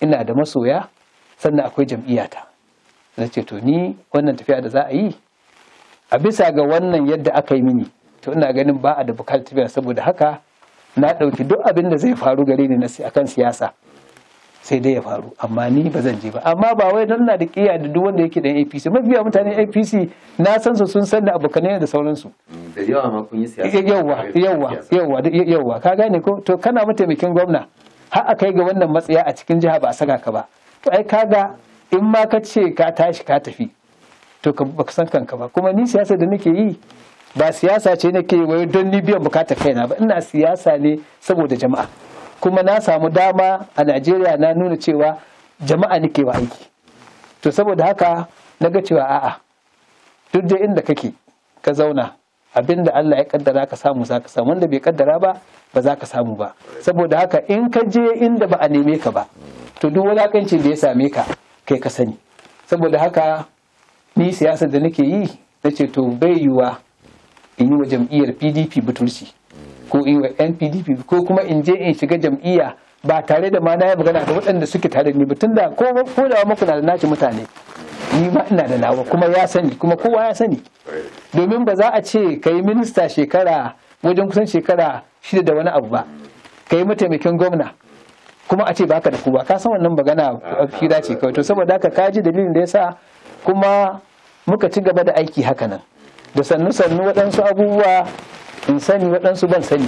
ina da masoya sannan akwai jam'iyyata zai ce to ni wannan tafiya da za a yi a bisa ga wannan yadda aka yi mini to ina ganin ba a da bukatar saboda haka na ɗauki duk abin da zai faru gare ni akan siyasa sai dai ya faru amma ni ba zan je ba amma ba wai dan na da kiya da duk wanda yake dan APC mafiya mutane APC na san su sun san da abokanai da sauransu da yawa ma eh, ka gane ko to kana mataimakin gwamna har kai ga wannan matsaya a cikin jiha ba a saka ka ba to ai kaga in ma ka ce ka tashi ka tafi to baka san kanka ba kuma ni siyasa da nake yi ba siyasa ce nake wayo don ni biyan bukatar kaina ba ina siyasa ne saboda jama'a kuma na samu dama a Najeriya na nuna cewa jama'a nake wa aiki to saboda haka na ga cewa a'a duk da inda kake ka zauna abinda Allah ya kaddara ka samu za ka samu wanda bai kaddara ba ba za ka samu ba saboda haka in ka je inda ba a neme ka ba to duk wulakancin da ya same ka kai ka sani saboda haka ni siyasar da nake yi na ce to bai yiwa in yi wa jam'iyyar pdp butulci ko in wa yan pdp ko kuma in je in shiga jam'iyya ba tare da ma na yi magana da waɗanda suke tare da ni ba tunda ko ko da muku na da naci mutane ni ma ina da nawa kuma ya sani kuma kowa ya sani domin ba za a ce ka yi minista shekara wajen kusan shekara shida da wani abu ba ka yi mataimakin gwamna kuma a ce baka da kowa ka san wannan magana ah, fira ce kawai to saboda haka ka ji dalilin da ya sa. kuma muka ci gaba da aiki hakanan da sannu-sannu waɗansu abubuwa in sani waɗansu ban sani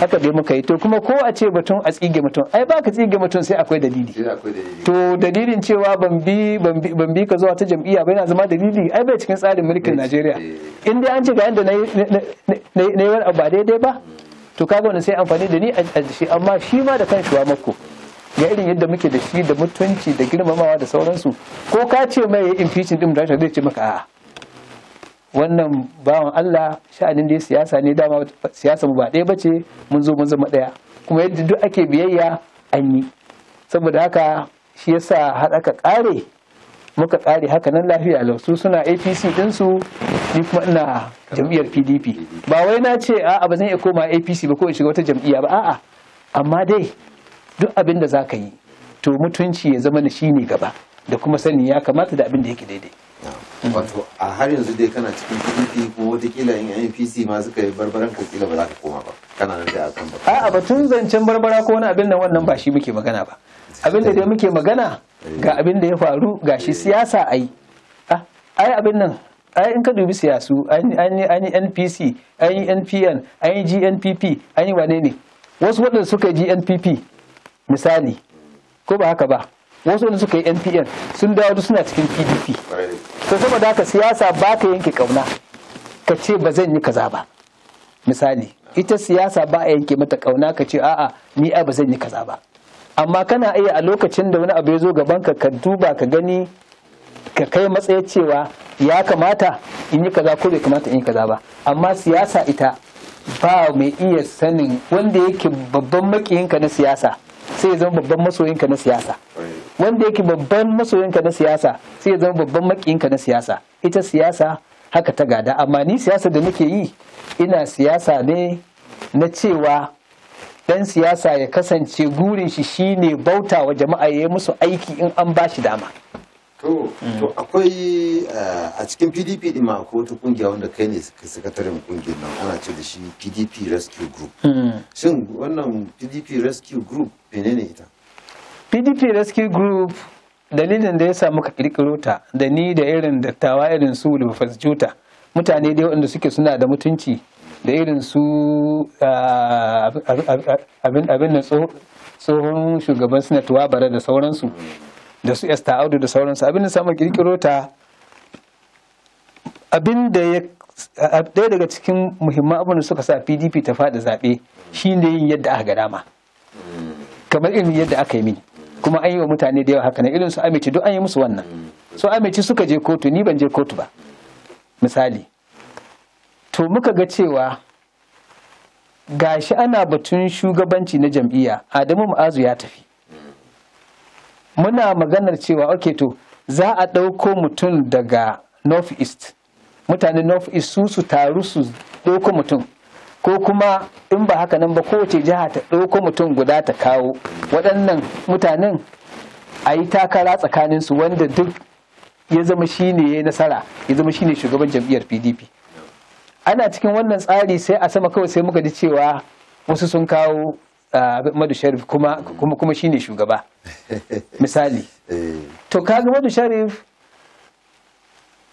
haka dai muka yi to kuma ko a ce batun a tsige mutum ai ba ka tsige mutum sai akwai dalili to dalilin cewa ban bi ban bi ka zuwa ta jam'iyya ba yana zama dalili ai bai cikin tsarin mulkin Najeriya in dai an ce ga yanda na yi wani abu ba daidai ba to kaga wannan sai amfani da ni a shi amma shi ma da kan shuwa mako ya irin yadda muke da shi da mutunci da girmamawa da sauransu ko ka ce mai ya impeachment din da zai ce maka a. wannan bawan Allah sha'anin da siyasa ne dama siyasa mu ba ɗaya bace mun zo mun zama ɗaya kuma yadda duk ake biyayya an yi saboda haka shi yasa har aka ƙare muka ƙare haka nan lafiya lau su suna apc ɗinsu ni kuma ina jam'iyyar pdp ba wai na ce a'a ba zan iya koma apc ba ko in shiga wata jam'iyya ba a'a amma dai duk abin da za ka yi to mutunci ya zama na ne gaba da kuma sani ya kamata da abin da yake daidai wato a har yanzu dai kana cikin pdp ko watakila in npc ma suka yi barbaran ka kila ba za ka koma ba kana nan dai kan ba a'a batun zancen barbara ko wani abin nan wannan ba shi muke magana ba abin da dai muke magana eh. ga abin da ya faru ga shi eh. siyasa ai ai abin nan ai in ka dubi siyasu an yi npc an yi npn an yi gnpp an yi wane ne wasu waɗanda suka yi gnpp misali ko ba haka ba wasu wanda suka yi npn sun dawo suna cikin pdp to saboda haka siyasa ba ka yanke kauna ka ce ba zan yi kaza ba misali ita siyasa ba a yanke mata kauna ka ce a'a ni ai ba zan yi kaza ba amma kana iya a lokacin da wani abu ya zo gaban ka ka duba ka gani ka kai matsayin cewa ya kamata in yi kaza ko bai kamata in yi kaza ba amma siyasa ita ba mai iya sanin wanda yake babban makiyinka na siyasa sai ya zama babban masoyinka na siyasa wanda yake babban masoyinka na siyasa sai ya zama babban makiyinka na siyasa ita siyasa haka ta gada amma ni siyasa da nake yi ina siyasa ne na cewa dan siyasa ya kasance gurin shi shine bauta wa jama'a ya yi musu aiki in an ba shi dama to akwai eh, a cikin pdp din ma ko wata kungiya wanda kai ne sakataren kungiyar nan ana ce da shi pdp rescue group hmm. shin wannan pdp rescue group menene ita pdp rescue group dalilin da ya sa muka kirkiro ta da ni da irin dattawa irin su lufas juta mutane dai waɗanda suke suna da mutunci da irin su ah, abin da tsohon shugaban sinatuwa bare da sauransu da su esta audu da sauransu abin da samun kirkiro ta abin da ya ɗaya daga cikin muhimman abin da suka sa pdp ta faɗi zaɓe shi ne yin yadda aka ga dama kamar irin yadda aka yi mini kuma an yi wa mutane da yawa haka nan irin su amince duk an yi musu wannan so amince suka je kotu ni ban je kotu ba misali to muka ga cewa gashi ana batun shugabanci na jam'iyya Adamu Mu'azu ya tafi muna maganar cewa oke to za a ɗauko mutum daga north east mutanen north east su su taru su ɗauko mutum ko kuma in ba haka nan ba kowace jiha ta ɗauko mutum guda ta kawo waɗannan mutanen a yi takara tsakaninsu wanda duk ya zama shi ne ya nasara ya zama shi ne shugaban jam'iyyar pdp ana cikin wannan tsari sai a sama kawai sai muka ji cewa wasu sun kawo ah, madu sharif kuma kuma shi ne shugaba *laughs* misali eh. to kaga madu sharif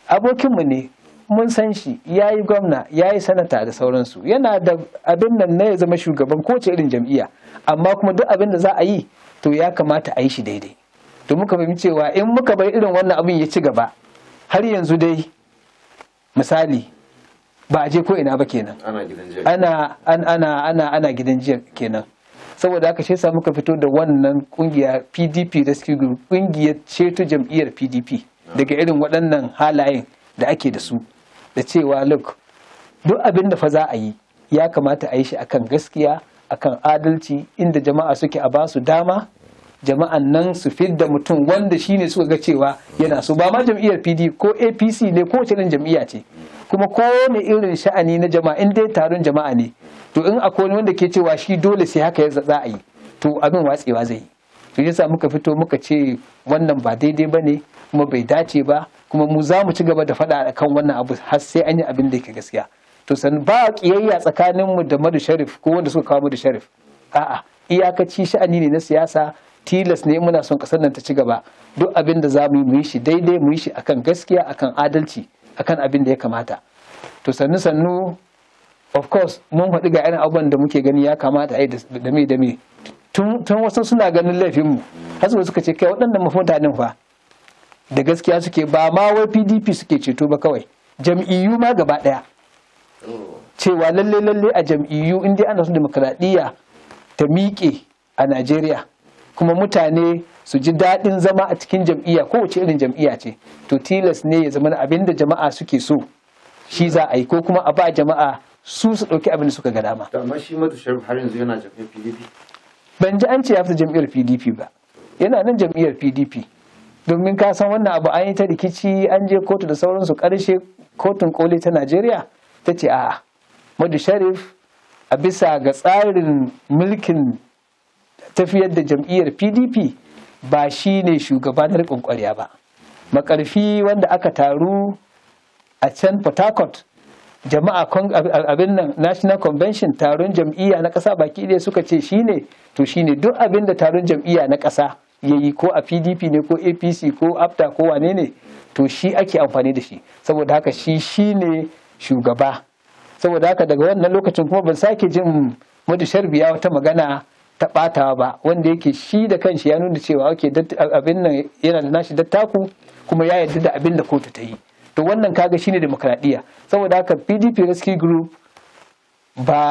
abokinmu ne mun san shi ya yi gwamna ya yi sanata da sauransu yana da abin nan na ya zama shugaban kowace irin jam'iyya amma kuma duk abin da za a yi to ya kamata a yi shi daidai to muka fahimci cewa in muka bar irin wannan abin ya ci gaba har yanzu dai misali ba a je ko ina ba kenan ana ana ana ana gidan jiya kenan saboda haka shi yasa muka fito da wannan kungiya PDP Rescue Group kungiyar ceto jam'iyyar PDP daga irin waɗannan halayen da ake da su da cewa look duk abin da fa za a yi ya kamata a yi shi akan gaskiya akan adalci inda jama'a suke a basu dama jama'an nan su fidda mutum wanda shi ne suka ga cewa yana so ba ma jam'iyyar pd ko apc ne ko wace irin jam'iyya ce kuma ko ne irin sha'ani na jama'a in dai taron jama'a ne to in akwai wanda ke cewa shi dole sai haka ya za a yi to abin watsewa zai yi to yasa muka fito muka ce wannan ba daidai ba ne kuma bai dace ba kuma mu za mu ci gaba da faɗa a kan wannan abu har sai an yi abin da yake gaskiya to san ba kiyayya tsakanin mu da madu sharif ko wanda suka kawo madu sharif a'a iyakaci sha'ani ne na siyasa tilas ne muna son kasar nan ta ci gaba duk abin da za mu yi mu yi shi daidai mu yi shi akan gaskiya akan adalci akan abin da ya kamata to sannu sannu of course mun faɗi ga irin abubuwan da muke gani ya kamata a yi da me da me tun wasu suna ganin laifinmu su suka ce kai waɗannan mutanen fa da gaskiya suke ba ma wai pdp suke ceto ba kawai jam'iyyu ma gaba ɗaya cewa lalle lalle a jam'iyyu inda ana su demokradiyya ta miƙe a najeriya kuma mutane su ji daɗin zama a cikin jam'iyya kowace irin jam'iyya ce to tilas ne ya zama abin da jama'a suke so shi za a yi ko kuma a ba jama'a su su ɗauki abin da suka ga dama. amma shi har yanzu yana jam'iyyar pdp. ban ji an ce ya fita jam'iyyar pdp ba yana nan jam'iyyar pdp domin ka san wannan abu an yi ta rikici an je kotu da sauransu karshe kotun koli ta najeriya ta ce a'a madu sharif a bisa ga tsarin mulkin tafiyar da jam'iyyar pdp ba shi ne shugaba na riƙon ba makarfi wanda aka taru a can port harcourt jama'a abin nan national convention taron jam'iyya na kasa baki ɗaya suka ce shine to shine duk abin da taron jam'iyya na kasa ya yi ko a pdp ne ko apc ko apta ko wane ne to shi ake amfani da shi saboda haka shi shine shugaba saboda haka daga wannan lokacin kuma ban sake jin mudu biya wata magana ta ɓatawa ba wanda yake shi da kanshi ya nuna cewa ake abin nan yana da nashi dattaku kuma ya yarda da abin da kotu ta yi to wannan kaga shine demokradiyya saboda haka pdp rescue group ba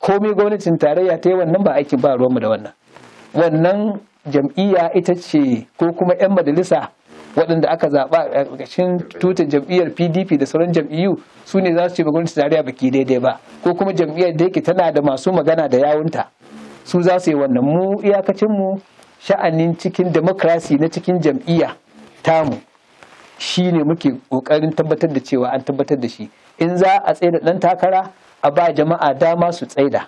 komai gwamnatin tarayya ta yi wannan ba aiki ba ruwanmu da wannan wannan jam'iyya ita ce ko kuma 'yan majalisa waɗanda aka zaɓa a ƙarƙashin tutar jam'iyyar pdp da sauran jam'iyyu su ne za su ce gwamnatin tarayya baki daidai ba ko kuma jam'iyyar da yake tana da masu magana da yawunta su za su yi wannan mu iyakacinmu sha'anin cikin demokrasi na cikin jam'iyya tamu shi ne muke ƙoƙarin tabbatar da cewa an tabbatar da shi in za a tsaida ɗan takara a ba jama'a dama su tsaida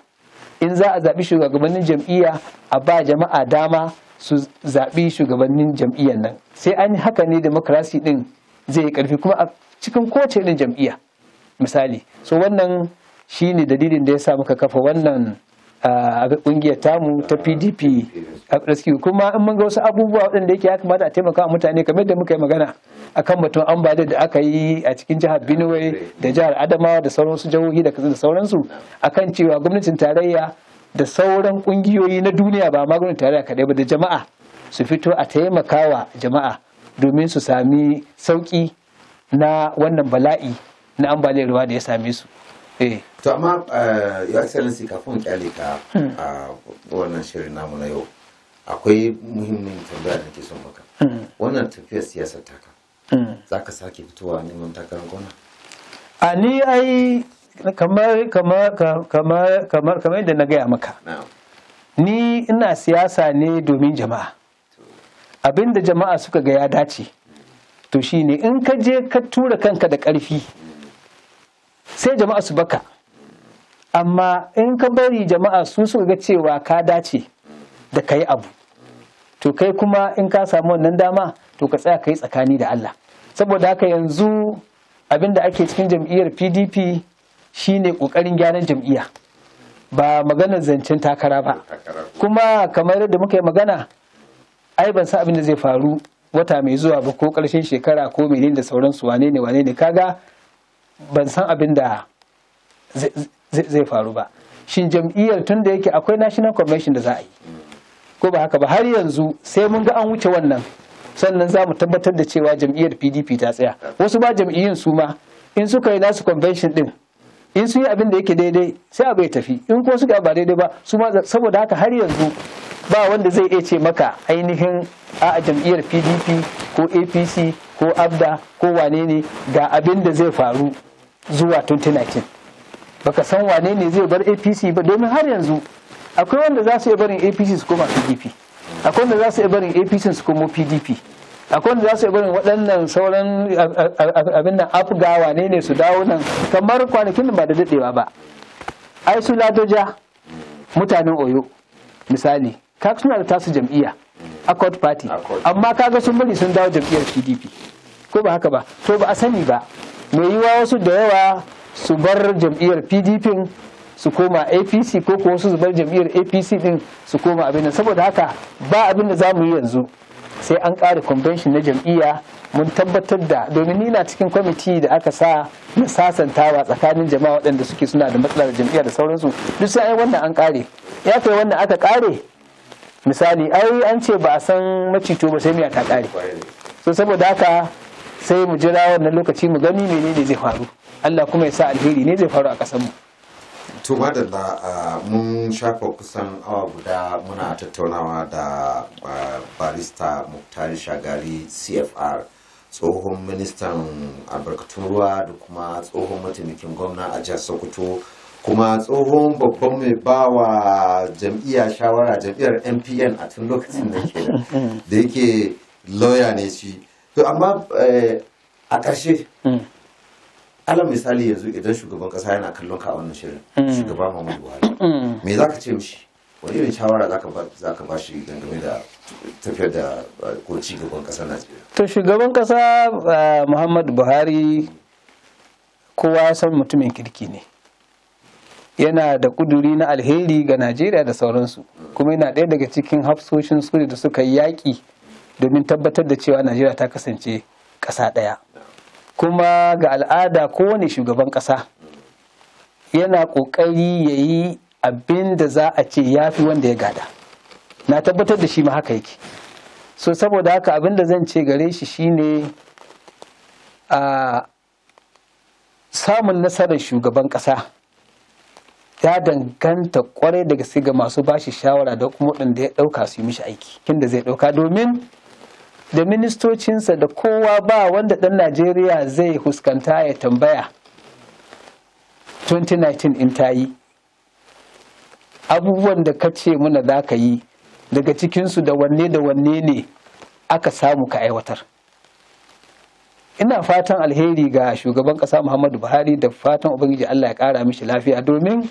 in za a zaɓi shugabannin jam'iyya a ba jama'a dama su zaɓi shugabannin jam'iyyar nan sai an haka ne demokrasi ɗin zai yi ƙarfi kuma a cikin kowace irin jam'iyya misali so wannan shi ne dalilin da ya sa muka kafa wannan a kungiyar tamu ta pdp a kuma in mun ga wasu abubuwa waɗanda yake ya kamata a taimaka mutane kamar yadda muka yi magana a kan batun ambaliya da aka yi a cikin jihar benue da jihar adamawa da sauransu jihohi da da sauransu kan cewa gwamnatin tarayya da sauran kungiyoyi na duniya ba ma gwamnatin tarayya kadai ba da jama'a su fito a taimakawa jama'a domin su sami sauki na wannan bala'i na ambaliyar ruwa da ya same su Eh. to amma eh, your excellency kafin kyale ka hmm. a wannan shirin namu na yau akwai muhimmin tambaya da ke son maka hmm. wannan tafiyar siyasar taka hmm. za ka sake fitowa neman takarar gona a ni ai kamar kamar kamar kamar kamar yadda na gaya maka ni ina siyasa ne domin jama'a abinda jama'a suka ga ya dace to shine in ka je ka tura kanka da ƙarfi sai jama'a su baka amma in ka bari jama'a su suka ga cewa ka dace da ka abu to kai kuma in ka samu wannan dama to ka tsaya ka tsakani da Allah saboda haka yanzu abin da ake cikin jam'iyyar pdp shine ƙoƙarin gyaran jam'iyya ba maganar zancen takara ba kuma kamar yadda muka yi magana ai ban san abin da zai faru wata mai zuwa ba ko karshen shekara ko menene da sauransu wane ne wane ne kaga ban san abin da zai faru ba shin jam'iyyar tun da yake akwai national convention da za a yi ko ba haka ba har yanzu sai mun ga an wuce wannan sannan za mu tabbatar da cewa jam'iyyar pdp ta tsaya wasu ba jam'iyyun su ma in suka yi nasu convention din in sun yi abin da yake daidai sai abu ya tafi in ko suka ba daidai ba su ma saboda haka har yanzu ba wanda zai iya ce maka ainihin a jam'iyyar pdp ko apc ko abda ko wane ne ga abin da zai faru zuwa 2019 baka san wane ne zai bar apc ba domin har yanzu akwai wanda za su iya barin apc su koma pdp akwai wanda za su iya barin apc su koma pdp akwai wanda za su iya barin waɗannan sauran abin nan afga wane ne su dawo nan kamar kwanakin ba da daɗewa ba ai su ladoja mutanen oyo misali kaksuna da tasu jam'iyya accord party amma kaga sun bari sun dawo jam'iyyar pdp ko ba haka ba to ba a sani ba mai yiwa wasu da yawa su bar jam'iyyar pdp su koma apc ko ko wasu su bar jam'iyyar apc din su koma abin saboda haka ba abin da za mu yi yanzu sai an ƙara convention na jam'iyya mun tabbatar da domin ni na cikin kwamiti da aka sa na sasantawa tsakanin jama'a waɗanda suke suna da matsala da jam'iyya da sauransu duk sai wannan an ƙare ya kai wannan aka ƙare misali ai an ce ba a san macito ba sai miya ta ƙare so saboda haka sai mu jira wannan lokaci mu gani ne zai faru Allah kuma ya sa alheri ne zai faru a ƙasar mu to madalla mun shafa kusan awa guda muna tattaunawa da barista muktari shagari cfr tsohon ministan albarkatun ruwa da kuma tsohon mataimakin gwamna a jihar sokoto kuma tsohon babban mai ba wa jam'iyya shawara jam'iyyar NPN a tun lokacin da ke *laughs* da yake lauya ne shi to amma eh, a ƙarshe hmm. alal misali yanzu idan shugaban ƙasa yana kallon ka a wannan shirin hmm. shugaba muhammadu buhari hmm. me za ka ce mishi wani irin shawara za ka ba shi dangane da tafiyar da eh, ko ci gaban ƙasa najeriya to shugaban ƙasa eh, muhammadu buhari kowa ya san mutumin kirki ne yana da kuduri na alheri ga najeriya da sauransu kuma yana ɗaya daga cikin hafsoshin soja da suka yi yaƙi domin tabbatar da cewa najeriya ta kasance ƙasa ɗaya kuma ga al'ada kowane shugaban ƙasa yana ƙoƙari ya yi abin da za a ce ya fi wanda ya gada na tabbatar da shi ma haka yake so saboda haka abin da zan ce gare shi shine a ah, samun nasarar shugaban ƙasa ya danganta kwarai da gaske ga masu bashi shawara da kuma waɗanda ya ɗauka su yi mishi aiki kin zai ɗauka domin da ministocinsa da kowa ba wanda ɗan najeriya zai huskanta ya tambaya 2019 in ta yi abubuwan da ka ce muna za ka yi daga cikinsu da wanne da wanne ne aka samu ka aiwatar ina fatan alheri ga shugaban ƙasa muhammadu buhari da fatan ubangiji allah ya ƙara mishi lafiya domin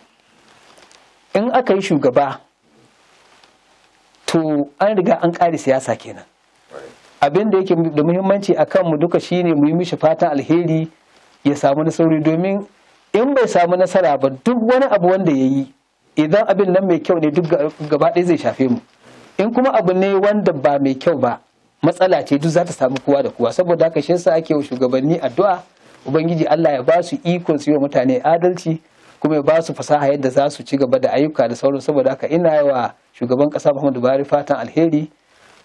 in aka yi shugaba to an riga an ƙare siyasa kenan abin da yake da muhimmanci a kanmu duka shi ne mu yi mishi fatan alheri ya samu nasarori domin in bai samu nasara ba duk wani abu wanda ya yi idan abin nan mai kyau ne duk gaba ɗaya zai shafe mu in kuma abu ne wanda ba mai kyau ba matsala ce duk za ta samu kowa da kowa saboda haka shi yasa ake wa shugabanni addu'a ubangiji Allah ya ba su ikon su yi wa mutane adalci kuma ba su fasaha yadda za su ci gaba da ayyuka da sauran saboda haka ina yi wa shugaban ƙasa Muhammadu Buhari fatan alheri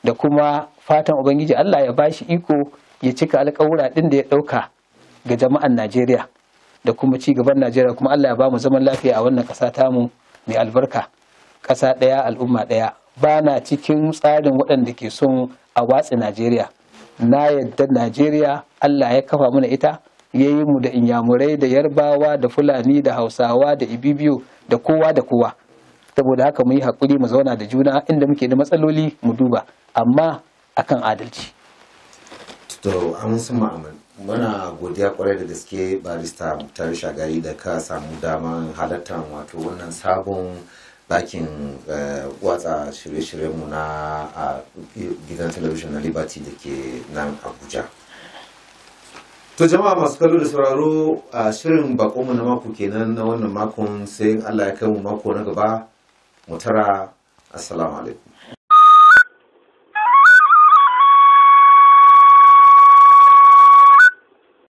da kuma fatan ubangiji Allah ya bashi iko ya cika alƙawura ɗin da ya ɗauka ga jama'an Najeriya da kuma ci gaban Najeriya kuma Allah ya ba mu zaman lafiya a wannan ƙasa mu mai albarka ƙasa ɗaya al'umma ɗaya ba na cikin tsarin waɗanda ke son a watsi Najeriya na yadda Najeriya Allah ya kafa mana ita ya yi mu da inyamurai da yarbawa da fulani da hausawa da ibibiyo da kowa da kowa saboda haka mu yi haƙuri mu zauna da juna inda muke da matsaloli mu duba amma akan adalci to an muna godiya kwarai da gaske barista tare shagari da ka samu daman halartar wato wannan sabon dakin eh, watsa shirye-shiryenmu na gidan talabijin na liberty da ke nan abuja to jama'a masu kallo da sauraro a shirin bakonmu na mako kenan na wannan makon sai Allah ya kai mu mako na gaba mu tara assalamu alaikum